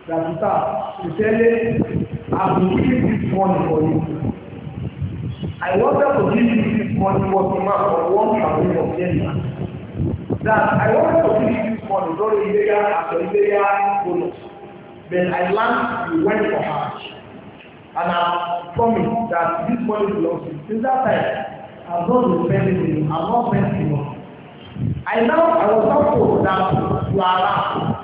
that he said he said I will give this money for you. I wanted to give you this money for the man for one family of Denmark that I want to give this money during Iberia after Iberia bonus. Then I learned we went for Hajj. And I promise that this money belongs to me. Since that time, I've not been spending it. I've not spent enough. I now I was now told that you are allowed.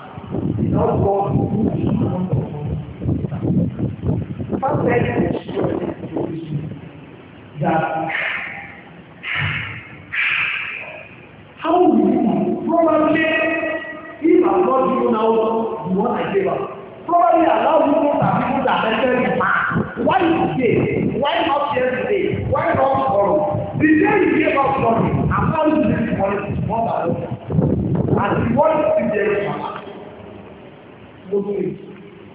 You know God who is the one of God. First thing that favor. Probably allow people and people that enter the mark. Why today? Why not yesterday? Why not tomorrow? The day you gave us money, I'm not using this money to small that local. And the money is there for us. No do it.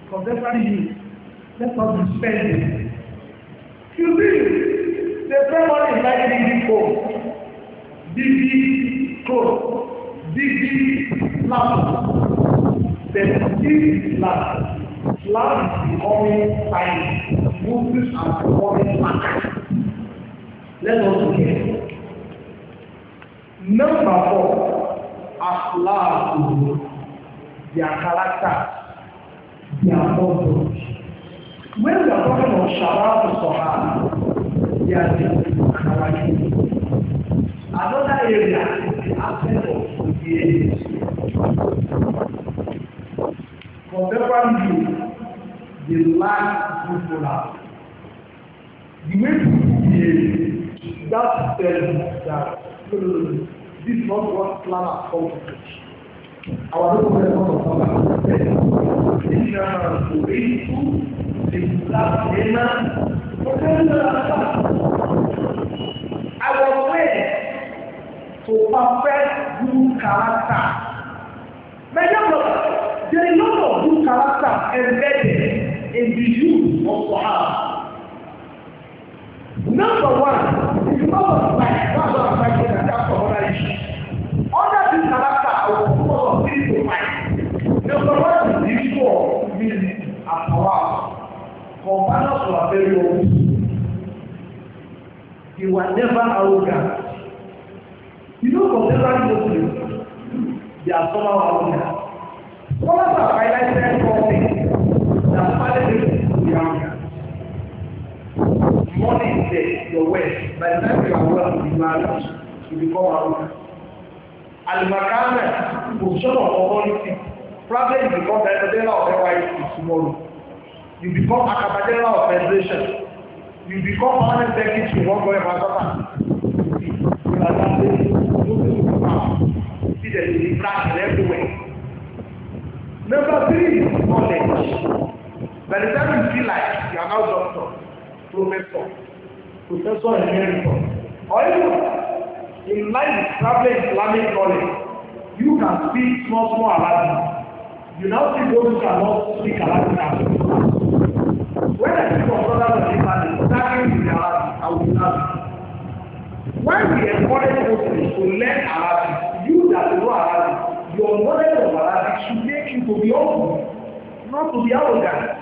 Contemporary youth, let us be spending. You see, the same money is like big big phone, big big clothes, big big laptop. Then last, last becoming science, Muslims are becoming facts. Let us hear. Number four, as Aslam, their character, their conduct. When we are talking of Shabbat and Sahara, they are different and Another area is the aspect of obedience. For whatever you dey lack truthfulness the way to behave that tell that this is not what planner come to teach our people dey come from planner say insurance go pay you the last payment but then you know our way to perfect good character many of us. There are a lot of good character embedded in the use of Quran. Number one, it's not what like that's what I'm trying to that's for other issues. Under this character, I will focus on things to find. Number one is usual meaning and power. Companions were very old. They were never arrogant. You know, contemporary Muslims, they are somehow arrogant. What are the highlighted topics that managers do around us? Money is there, your wealth. By the time you are well, you marry, you become arrogant. Al-Makana, position of authority. Probably you become the leader of NYC tomorrow. You become Akabadela of Federation. You become permanent secretary to one boy Mazata. You are that day. You see the black Number three is knowledge. By the time you feel like you are now doctor, professor, professor emeritus, or even in line with traveling Islamic knowledge, you can speak small, small Arabic. You now see those who cannot speak Arabic When I speak of brothers and sisters, starting with Arabic, I will ask. When we encourage Muslims to learn Arabic, you that know Arabic, your knowledge of Arabic should make you to be humble, not to be arrogant.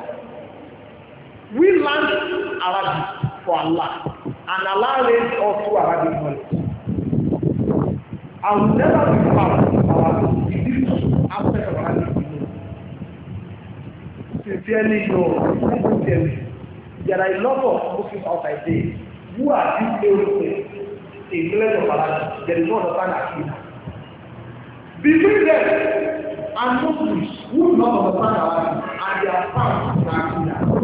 We learn Arabic for Allah, and Allah raised us to Arabic knowledge. I will never be proud of Arabic in aspect of Arabic. Sincerely, no, sincerely. There are a lot of Muslims outside there who are detailed in the knowledge of Arabic. There is no understanding Between them and Muslims who do not understand Arabic and their fans in Akida.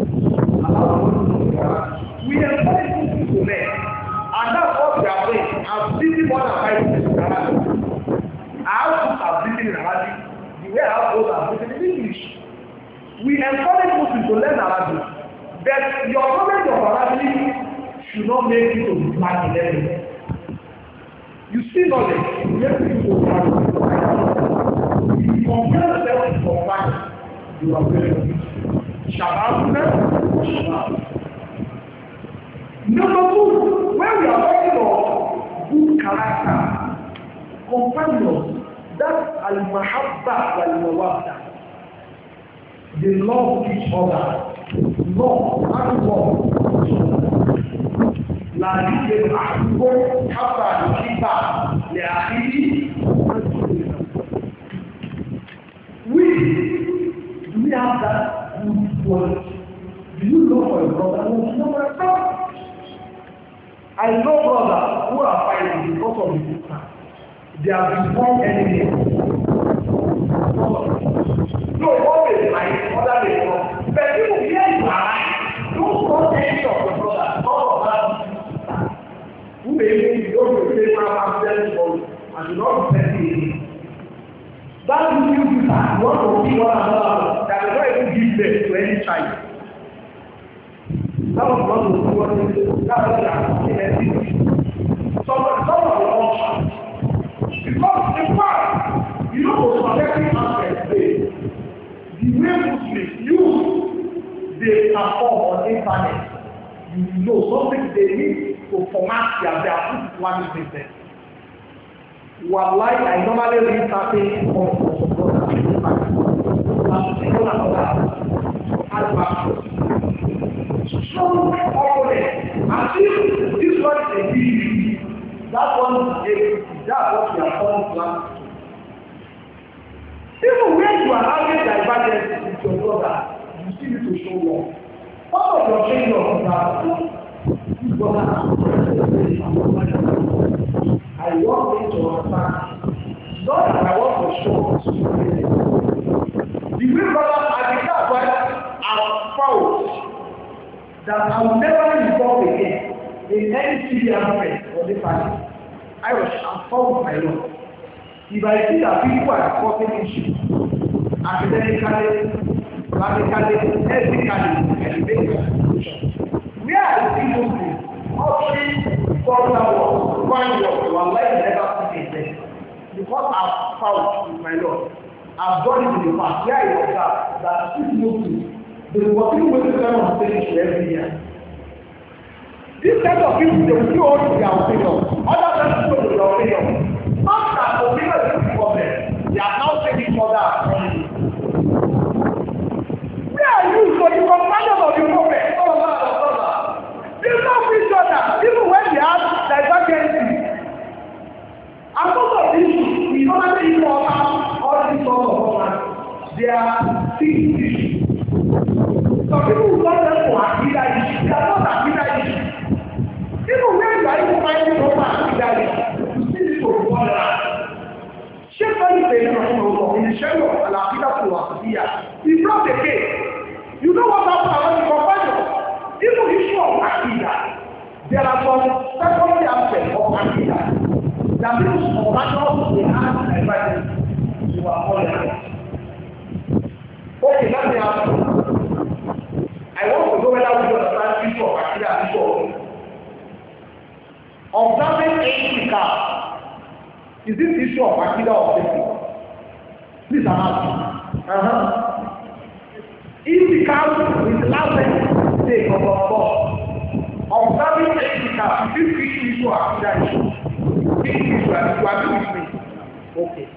We encourage people to learn and that's what we are doing as busy mother wives in Arabic. Our schools have busy in Arabic the way our schools are busy in English. We encourage Muslims to learn Arabic but your knowledge of Arabic should not make you to be mad in everything. You see knowledge, yes, you will have it. If you compare yourself to your you are very rich. Shabbat, Number two, when we are talking of good character, companions, that al-mahabba wal-mawadda. They love each other. Love and love each other láàrín àdúgbò kápá nípa lè àrídí we do we have that good quality do you know for your brother who is not my brother I know brother who are fighting because of the sister they have become enemies no always like other people but people here you are don't cause any of your brother all of us pay me, you don't pay my family money, and do not respect him. That will give you that one or two one another that will not even give birth to any child. That was not the one that was the energy. So some of the options. Because in fact, you know what's protecting us today, the way Muslims use the platform on internet, you know something they need to format their their food planning business. Wallahi, I normally read something on and people another advert. So opponent, as if this one is a DVD, that one is a DVD, that's what we are calling planning. Even when you are having divergence with your brother, you still need to show love. Part of your training of that. I walk into a path. Not that I walk for short. The real brother at the car has vowed that I will never involve again in any serious threat or the I was informed by law. If I see that people are causing issues, academically, radically, ethically, and based on solutions, where are the people Hopefully, someone will find your life never see again. Because I've found with my Lord, I've done it in the past. Here it was that, that this movement, they were still waiting for on stage every year. This kind of people, they will still hold their opinion. Other people will their opinion. Not that the people are looking for them. They are now taking each other. Where are you? So you companion of your problem. They are thieves. Some people who don't know for Akida They are not Akida Even when you are finding over Akida you still need to wonder. Ṣé fẹ́lú pẹ̀lú ọ̀hún ọ̀rọ̀ ìṣẹ́lọ̀ àlàáfíà tó wà sí yà? It's not the case. You know what happened when you combine Even issue of Akida, there are some secondary aspects of Akida. That means, for matter of the hand and right, you are all What is happening out I want to know whether we understand people of Akira people. Observing Africa is this issue of Akida or safety? Please I'm asking. Uh-huh. If the Africa is the last mistake of our God. Observing Africa is this issue of Akida issue. This issue, you are agree with me? Okay.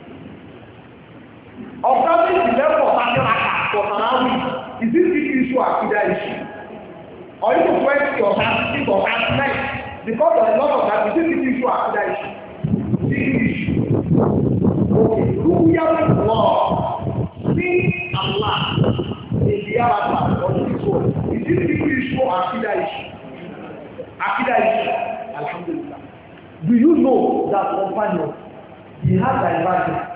Observing the level of Akira for Malawi? Is this big issue or Akida issue? Or you it when your heart is or heart night? Because of a lot of that, is it big issue or Akida issue? Big issue. Okay, Ruya with law. Sing Allah in or the soul. Is it big issue or Akida issue? Akida issue. Alhamdulillah. Do you know that companion? He has a divergence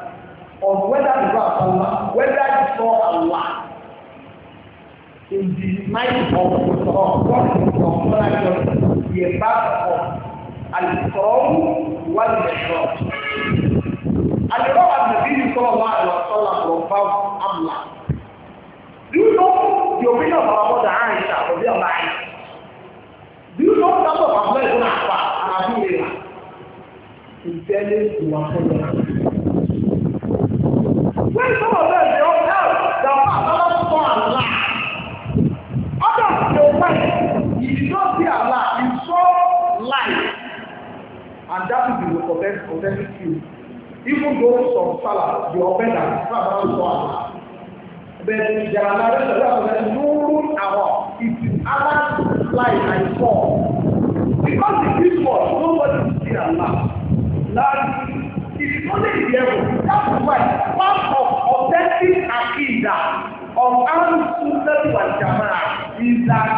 of whether to go Allah, whether he saw Allah in the night of Isra, what is of the above of Al-Isra wal-Mi'raj. Al-Isra al-Nabi sallallahu alayhi wa sallam from Allah. Do you know the opinion of our mother Aisha, of their life? Do you know some of Abdullah ibn Abbas and Abu Hurairah? In telling to one When some of them, they tell their father to go and lie. Others, they went. He did not see Allah. He saw light. And that is the authentic truth. Even though some scholars, they offend that father to go and But there are narrations of them. no rule at all. It is Allah's life I saw. Because it is what nobody will see Allah. Now, is only in the heaven. That is why one of authentic Akida of Al-Sunnah wal Jama'ah is that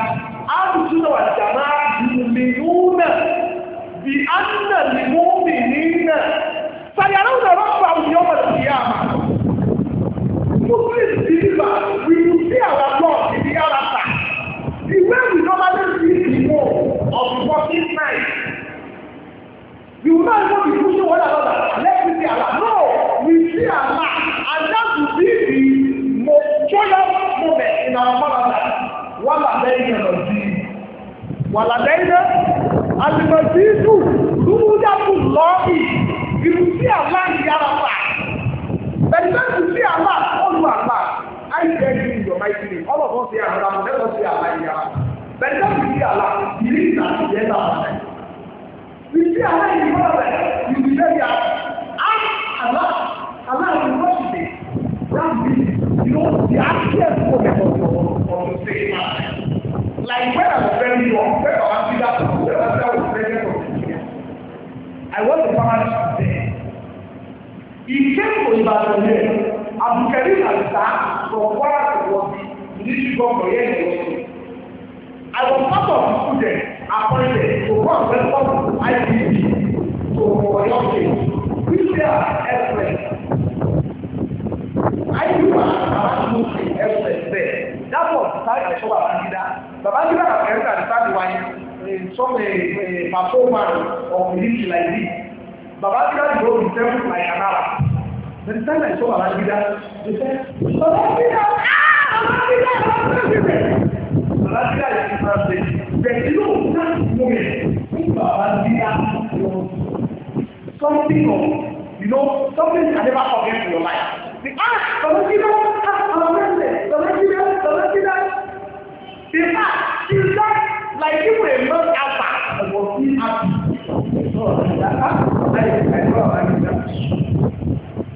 Al-Sunnah wal Jama'ah يؤمنون بأن المؤمنين سيرون ربهم يوم القيامة. Muslims believers, we will see our Lord in the other side. The way we normally see the moon of the working night You will not go be pushing one another. Let me see Allah. No, we see Allah. And that will be the most joyous moment in our paradise. Waladaina Mazid. Waladaina that mazidu Rudabullahi. You will see Allah in Arafah. By then time you see Allah, all you are Allah. I beg you in your mighty name. All of us here, let us see Allah in Arafah. By the you see Allah, believe that you enter paradise. some uh, eh, eh, performance of things like this. Babangida is always careful like an Arab. The time I saw Babangida, they said, Babangida, ah, Babangida, Babangida is in translation. But you know, that moment, Babangida was something of, you know, something you can never forget in your life. The ah, Babangida, ah, Babangida, Babangida, Babangida. The ah, like you were not alpha and was still happy.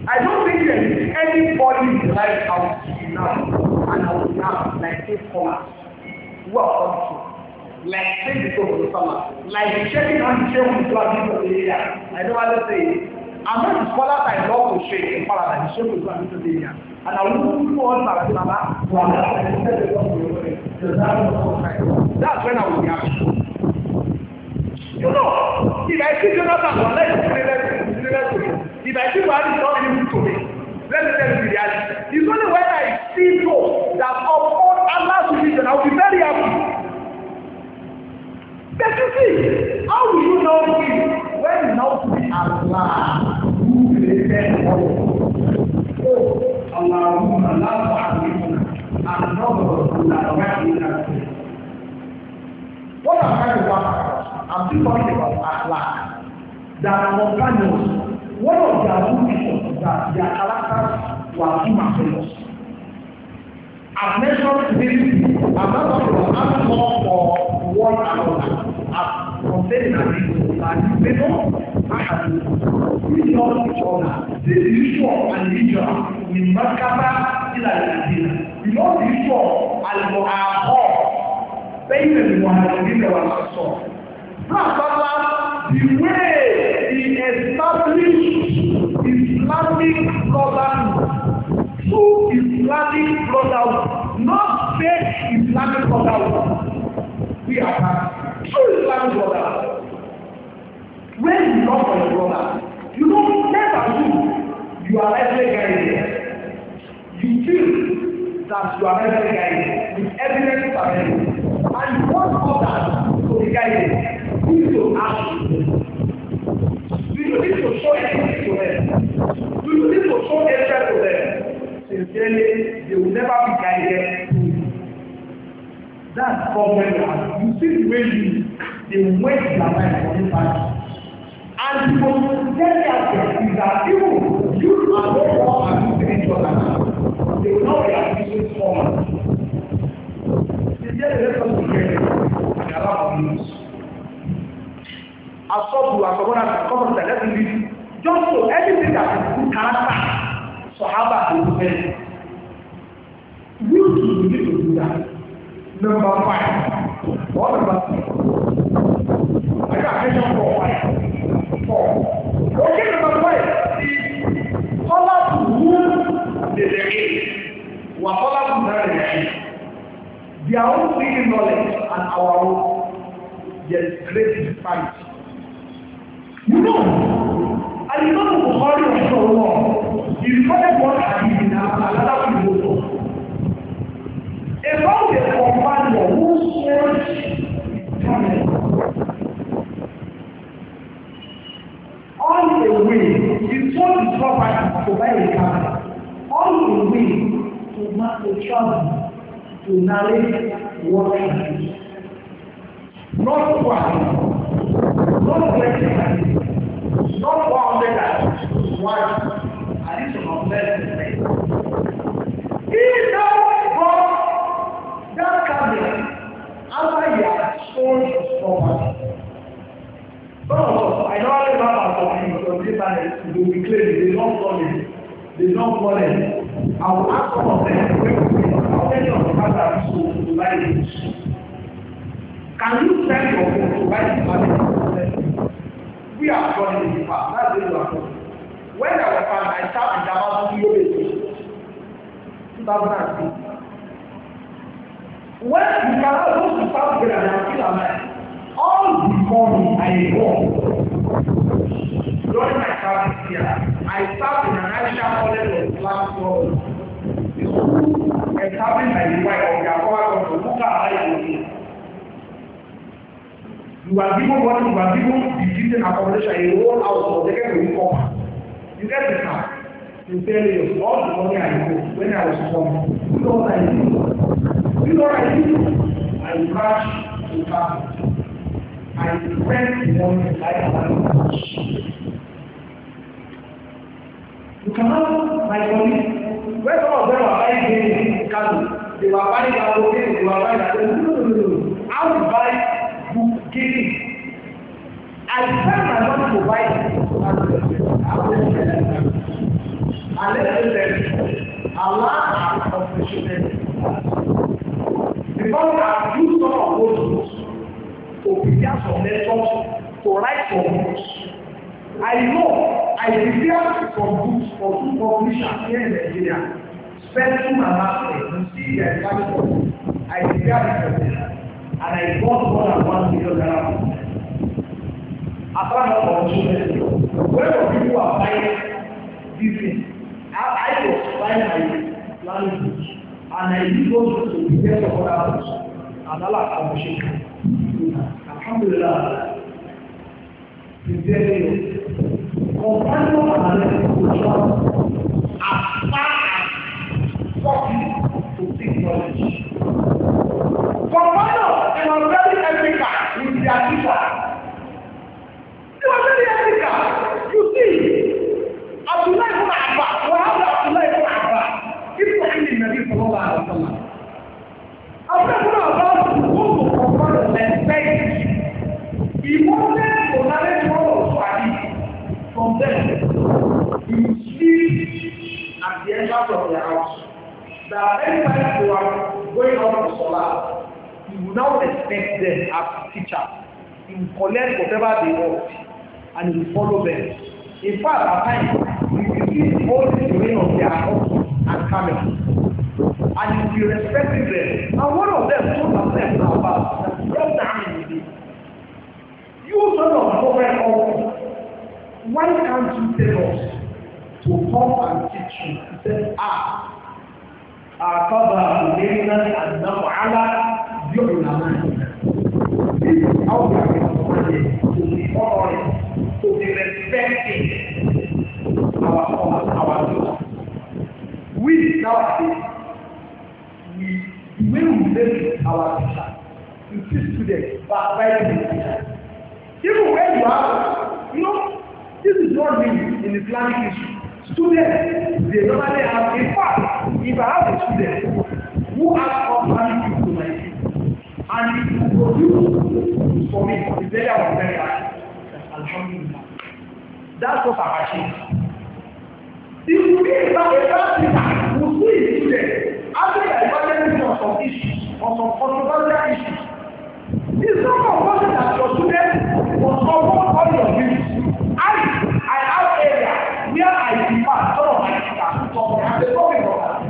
I don't think there is anybody in life out now and out now like this commerce who are functioning like saying the soul of the summer like shaking on the chair with God in the area. I don't want to say I'm not the scholar I love to shake in paradise, shake with God in the area. And I will do all my Baba to understand the God of the world. That's when I will be happy. You know, if I see Jonathan, well, let's deliver to him. If I see Buhari, it's not even to me. Let me tell you the reality. It's only when I see those that uphold Allah's religion, will be very happy. But you see, how will you know him when you now see Allah who created all Oh, Allah, Allah, Allah, Allah, Allah, Allah, Allah, Allah, Allah, Allah, What I'm trying to talk about, I'm still talking about Akhlaq. That our companions, one of their conditions is that their characters were too marvelous. I've mentioned this, I'm not talking about alcohol for one another. I've complained that people are know, I have we love each other. This issue of religion in Makaba is a Medina. We know the issue of al the Muhammadic Rasul. Rasulullah, the way he established Islamic brotherhood, true Islamic brotherhood, not fake Islamic brotherhood. We are back. True Islamic brotherhood. When you love your brother, you don't never do. You are every guy here. You feel that you are every guy with evidence available. That's for when you are. You see the way you they wait their mind for this party. And the most delicate is that even you and those who are abusing each other, they will not be abusing someone. Is there a lesson to problems. As far as our government comes to that level, just so anything that is good character, Sahaba is very. You too need to do that. Number five. Or number five. Four. Okay, number five is color to whom they relate. We're color to them relate. Their own reading knowledge and our own there is great fight. You know, and you know story of so wrong. He recorded one hadith in another one goes About the companion who sold his camel on the way, he sold his property to buy a camel. On the way to, to travel, to narrate what happened not one, not twenty, not one hundred one. Addition of less than ten. He now brought that camera after he had sold his property. Some of us, I know I remember from him, from they will be claiming they don't call him, they don't call him. I will ask some of them, how many of the matters are sold to life? Can you sell your phone to buy the market? We are going to the past. That's what we are doing. When I was found, I started in Damascus, Europe, 2006. When you cannot go to South Korea and still alive, all the money I won during my service here, I served in an Irish college of Islam for established by the wife of their former governor, Muka Alayhi You are given money. you are given, you give them accommodation, a whole house, or they get to room cover. You get the car. You tell you, all the money I go. when I was young, you know what I did? You know what I did? I crashed to car. I spent the money I had You cannot, my money. where some of them are buying games, cattle, they were buying cattle, they were buying cattle, no, no, no, no. I would buy giving. I tell my mom to buy it. And let me tell you, Allah has compassionate. Because I have used some of those to obedience of mentors, to write some books. I know I prepare to books for two publishers here in Nigeria. Spent two and a half years to see their impact. I prepared it for them and I bought more than one million naira. I found out from children. When the people are buying these things, I, I was buying my Islamic book and I used those books to prepare for other books. And Allah commercial. Alhamdulillah. Sincerely, companion and analysis will travel as far as 40 to 6 knowledge. Companion in a very Africa with their teacher. They were very Africa. You see, Abdullah ibn Abbas, Wahab Abdullah ibn Abbas, is talking in Nabi Sallallahu Alaihi Wasallam. Abdullah ibn Abbas was to confront the mistake. He wanted to narrate all of Swahili from them. He sleeps at the entrance of their house. There are many times they were going out to Salah you will now respect them as teacher. you will collect whatever they want and you will follow them in fact at times you will see the whole terrain of their home and family, and you will be respecting them and one of them told herself na about that drop down in the you son of corporate office why can't you tell us to come and teach you he said ah. the ليلا أنه على yóò rà máa ní. Bí àwọn ọ̀gá rẹ̀ ọ̀gá rẹ̀ kò ní ọ̀rọ̀ rẹ̀ kò ní rẹ̀spẹ́tì àwọn ọmọ àwọn àdúrà. We nowadays we we relate to our teacher to teach students by by the teacher. Even when you are you know this is not new in Islamic issue. Students they normally have In fact if I have a student who has company and it will produce for me the day I was very happy. Alhamdulillah. That's what I've achieved. If you be like a practitioner, you see it today. After you are evaluating on some issues, on some controversial issues, it's not compulsory that your students must cover all your views. I, I have area where I differ, some of my teachers, some of my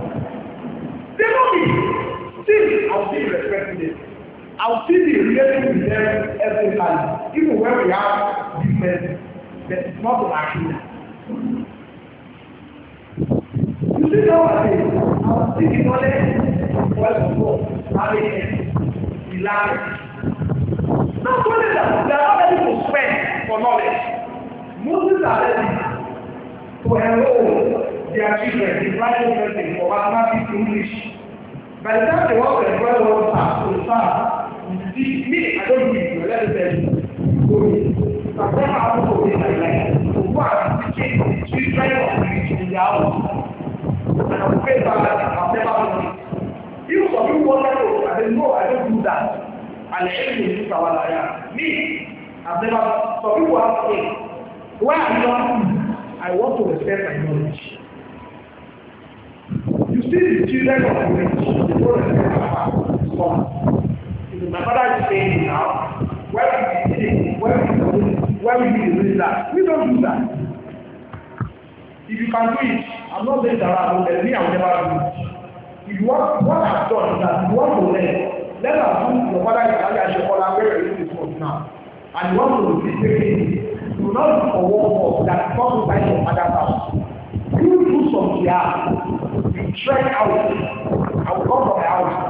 they don't be, see, I'll be respecting them. I'll see the relation with them every time, even when we have different, but it's not an action. You see nowadays, see the knowledge, well, of course, marriage, reliance. Not only that, there are many able spend for knowledge. Moses are ready to enroll their children in private nursing for mathematics English. By the time they want to enroll one staff to staff, See, me, I don't believe you. Let me tell you. Go here. Now, come that. So, what? Change the children of the in their house. And I'm afraid about never done it. Even some people want to know. I said, no, I don't do that. And the enemy is our liar. Me, I've never done Some people ask me, why are you not I want to respect my knowledge. You see the children of the they don't respect their father, My father is saying it now. Why we you say Why will you Why will you do that? We don't do that. If you can do it, I'm not saying that I will me, I will never do it. If you want what I've done is that you want to learn, let us do your father is Ali Ashekola where he is from now. And you want to be taken, do not look for one more that comes inside your father's house. You do some here, you try out, I will come from my house.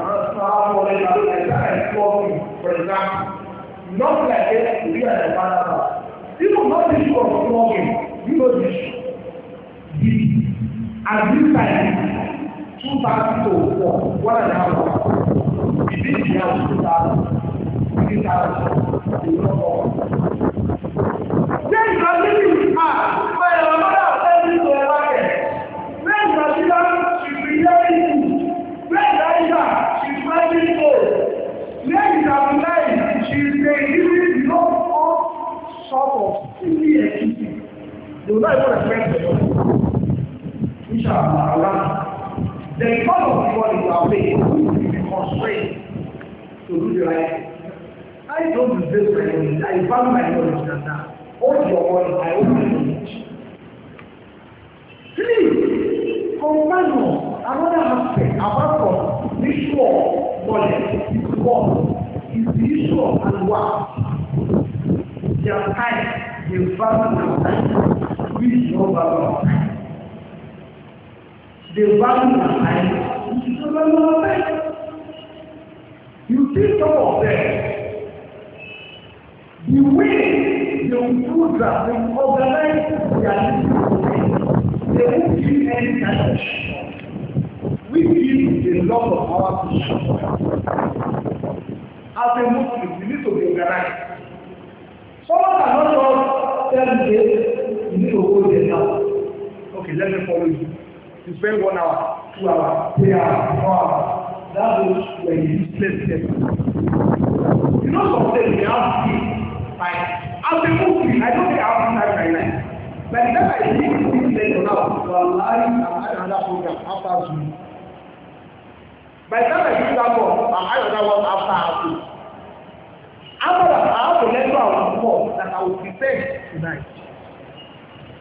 not like that to be an environmental. People not this for flogging, you know this. At this time, 2004, one and a half hours. We did the house 2000, 3000, 3000, 3000. inshallah. The of what is our way will be constrained to do the right thing. I don't resist my knowledge. I found my knowledge than that. All uh, your money, I own my knowledge. Please, combine another aspect apart from the issue of knowledge is what is the issue of and what their time, their value, their time, which no value the value behind it is the value of them. You think some of them, the way they will do that, they will organize their living, they won't give any kind of support. We give a lot of our position. As a Muslim, we need to be organized. Someone cannot just tell me, you need to go there now. Okay, let me follow you. You spend one hour, two hours, three hours, four hours. That was when you useless them. You know something, they have to like, as a movie, I don't think I have time right now. But the I see this later now, you are lying and I another program after Zoom. By the time I do that one, I had another one after Zoom. After that, I have to let lecture on more that I will prepare tonight.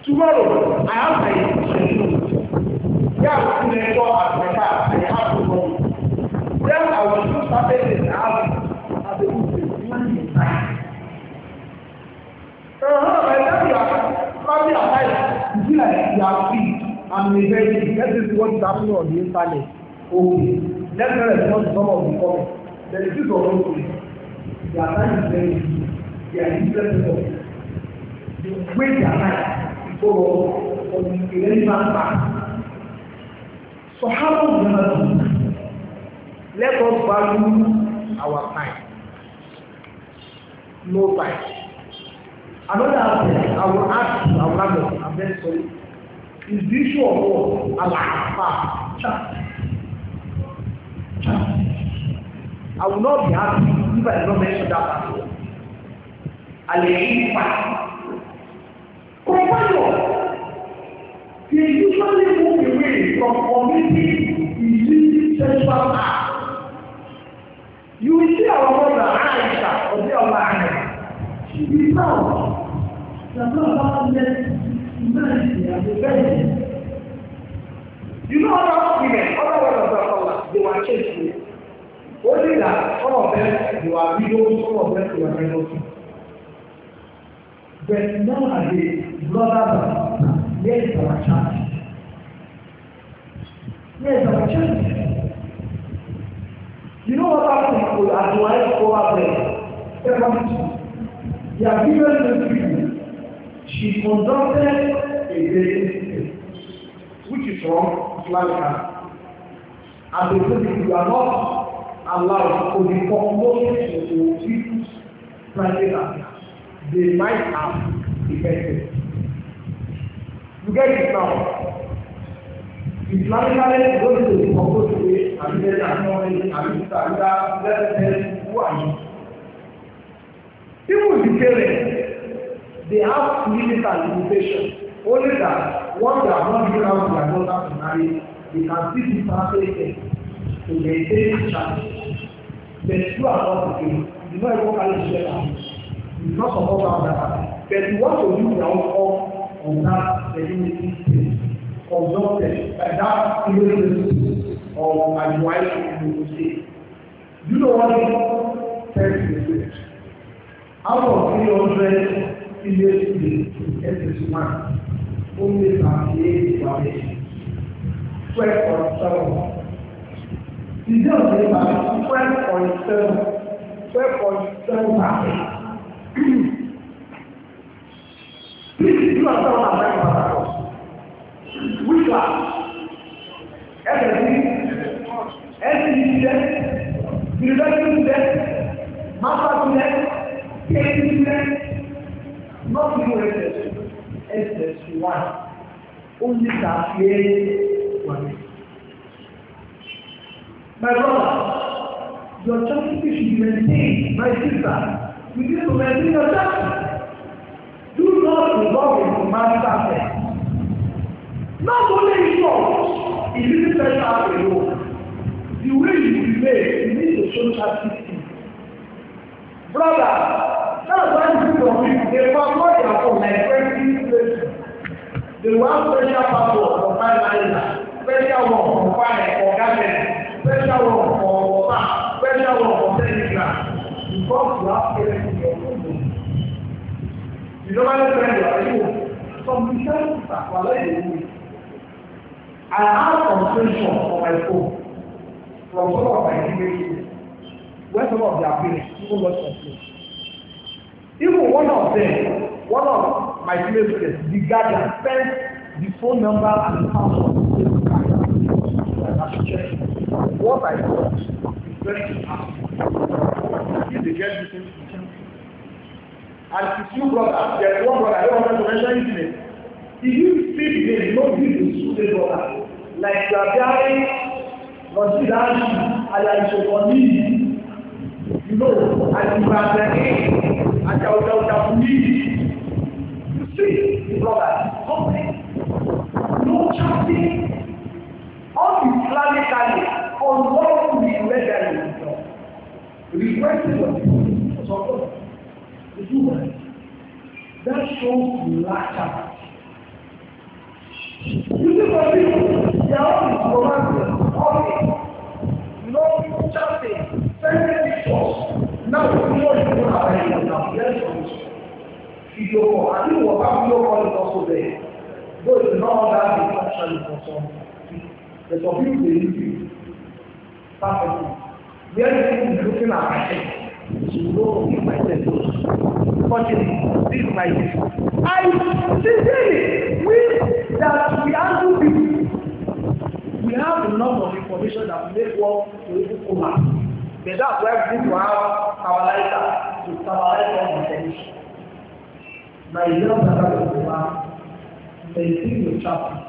Tomorrow, I have my schedule. Yeah, we can enjoy Africa. They have to go. Then I was just started in the house as a Muslim. Uh-huh, and you are probably alive. You like you are and liberated. That is what is happening on the internet. Okay. Let's not respond to some of the comments. There is this one also. Their time is very easy. They are useless people. They waste their time to follow the irrelevant path. So how do we going to do Let us value our time. No time. Another aspect I will ask you, I will ask you, I'm very sorry, is the issue of what? Al-Afar, chance. I will not be happy if I do not mention that at all. Al-Ifa. Companion. They usually move away from committing illicit sexual acts. You will see our mother Aisha or the other Aisha. She be proud that God has left humanity as a virgin. You know other women, other women of the Allah, they were changed. Only that some of them they were widows, some of them they were minors. But nowadays, brothers and sisters, Where is our church? Where is our church? You know what happened to Adonai over there? Second, they are given the people. She conducted a great which is wrong, Islamic. And they said, you are not allowed to be composed to people's private affairs. They might have effected. You get it now. Islamically, those who propose to it, and they are not in Amsterdam, let them who are you. People in the they have limited limitations. Only that, once they are not given out to their daughter to marry, they can still be translated to maintain the church. But you are not the king. You know, everyone can share that. You not support that. But you want to use your own on that specific place consulted by that university or my wife university. Do you know what text is? Out of 300 PhD in one, only 38 evaluations. 12.7. Ìdí ọ̀sẹ̀ ìbàdàn 12.7 12.7 percent. Please, you are not a man of Which one? Everything. Everything student, university student, master student, PhD student, not even SS. SS one. Only that year one. My brother, your chastity should be maintained. My sister, you need to maintain your chastity not involved in man's affairs. Not only in God, it is better alone. The way you behave, you need to show system. Brother, that's why people of people, they were not their own, like 20 places. They were special passport for five islands, special one for fire or garden, special one for water, special one for telegram. Because you have ìjọba lẹ́sẹ̀ ẹ̀yọ̀ àyíwò some research staff are like the I have concentration for my phone from some of my teammates when some of their parents even lost control even one of them one of my teammates the guardian sent the phone number and the password to the guy that I should check what I do is very hard if they get this information and his two brothers, there is one brother, I don't want to mention his name. If you see the name, no give his two brother. Like you are bearing considered alaisoponi, you know, alibatani, ajautautafuni. You see the brother, something, no chanting, un-Islamically, unlawfully, illegally, requesting of the people. It's human. That shows lack of. You see, for people, they are all romantic, all you know, chatting, sending pictures. Now, you know, you don't have any of There's solution. Video call. I think what that your call is also there. Though it's not that big actually for some. There's some people they use it. Perfectly. Where the people is looking at myself, she will know if myself is surgery. This is my issue. I sincerely wish that we handle this. We have enough of information that make work to even come out. But that's why we need to have our lighter to stabilize all the information. My young brother is the one maintaining the chapter.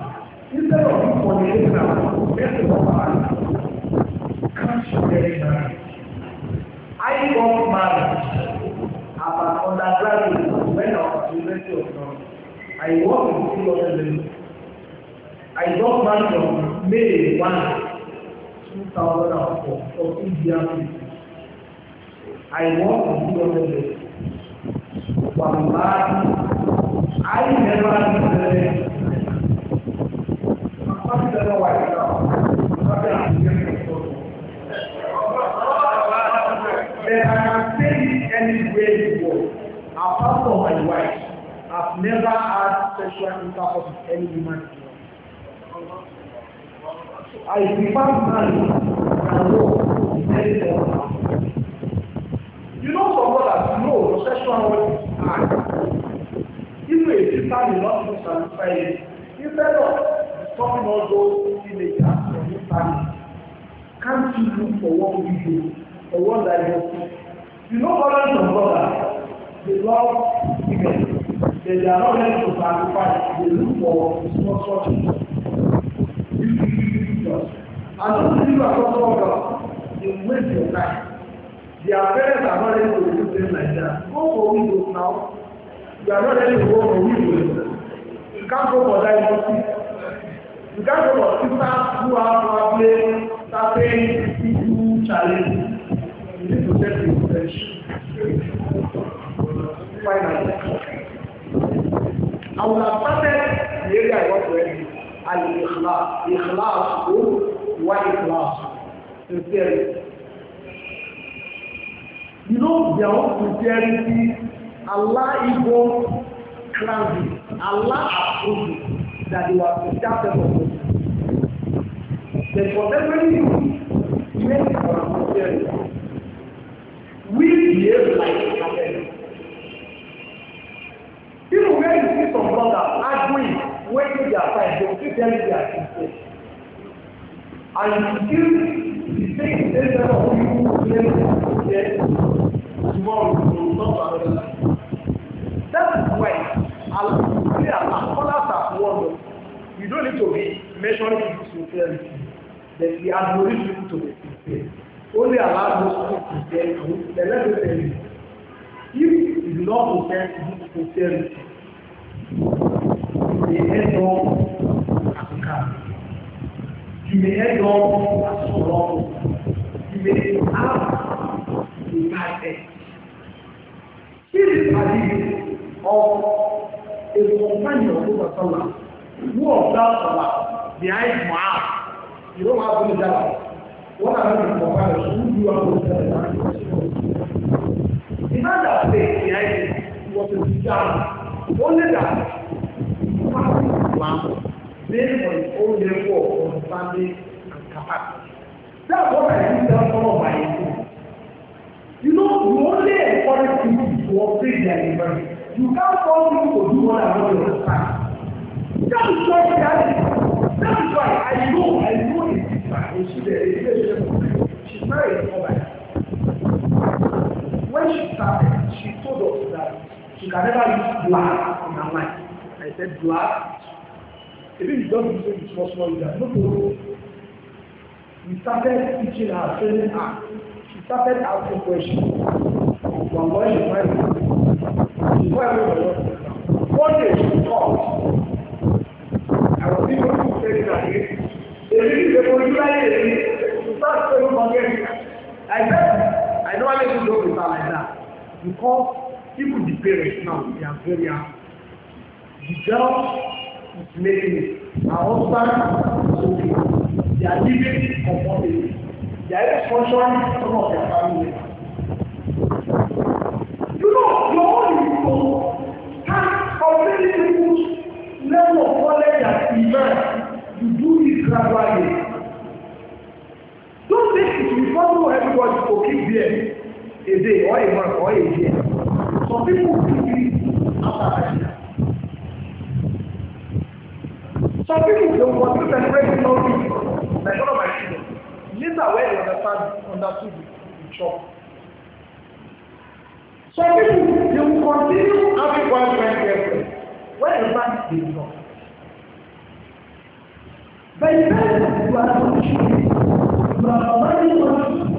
Instead of being for the exam, let's go for I work with three other women. I got married on May 1, 2004, 14 years ago. I work with three other women. One man, I never knew them. My family never wiped out. Then I can say it any way you want, apart from my wife have never had sexual intercourse with any human I prefer marriage than law in any sense. You know some brothers know sexual work is hard. Even a sister may not feel satisfied, instead of stopping all those teenagers from this family, can't you look for what one video or one diversity? You know brothers and brothers, they love women they are not ready to sacrifice. They look for small structures. You see Jesus. And those people are not talking They waste your time. Their parents are not ready to do things like that. Go for windows now. You are not ready to go for windows. You can't go for diagnosis. You can't go for sisters who are probably certain people challenges. You need to set the intention. Finally àwọn àpáfẹ́ ìrírí àìwọ́pọ̀ ẹni àìlèkìlá ìkìlá àṣùkò wá ìkìlá sincerity. You know their own sincerity Allah even crowned it. Allah approved it that they were sincere people. Then for every make our sincerity. We behave like a Even when you see some brothers arguing, wasting their time, they will keep telling their sister. And you still be the same kind of people who claim yes, tomorrow you will not have another That is why Allah scholars have warned us. You don't need to be measuring people's sincerity. That we are not people to be sincere. Only Allah knows who is sincere. Then let me tell you. If it is not possessed with posterity, you may end up as a car. You may end up as a wrong. You may have a bad head. This is a of a companion of the Salah who observed Salah behind Moab. You don't have to do that. What are the companions who do you have to tell? that? In that place behind him was a stand. Only that Islam based on his own level of understanding and capacity. That's what I did tell my students. You know, you only encourage people to upgrade their level. You can't force people to do what I want to understand. That is why I That is why I know, I know it's different. She's married, all right when she started, she told us that she can never use black in her mind. I said, black? Even if you don't use it, it's much more easier. No problem. We started teaching her, training her. She started asking questions. One boy, she went She went everywhere. One day, she called. I was even say that they really, they were utilizing it. They could start saying, forget it. I said, why you lobbies are like that? Because even the parents now, they are very young. The job is making it. Her husband is okay. They are living comfortably. They are even sponsoring some of their family You know, your own people can't already people's level of knowledge and event. You do this gradually. Don't think it will follow everybody to keep there a day or a month or a year. Some people will be after Some people will want to celebrate no reason. Like one of my children. Later when they understand understood the chop. Some people they will continue having one friend girlfriend. When the man is not. By the time you are not you are already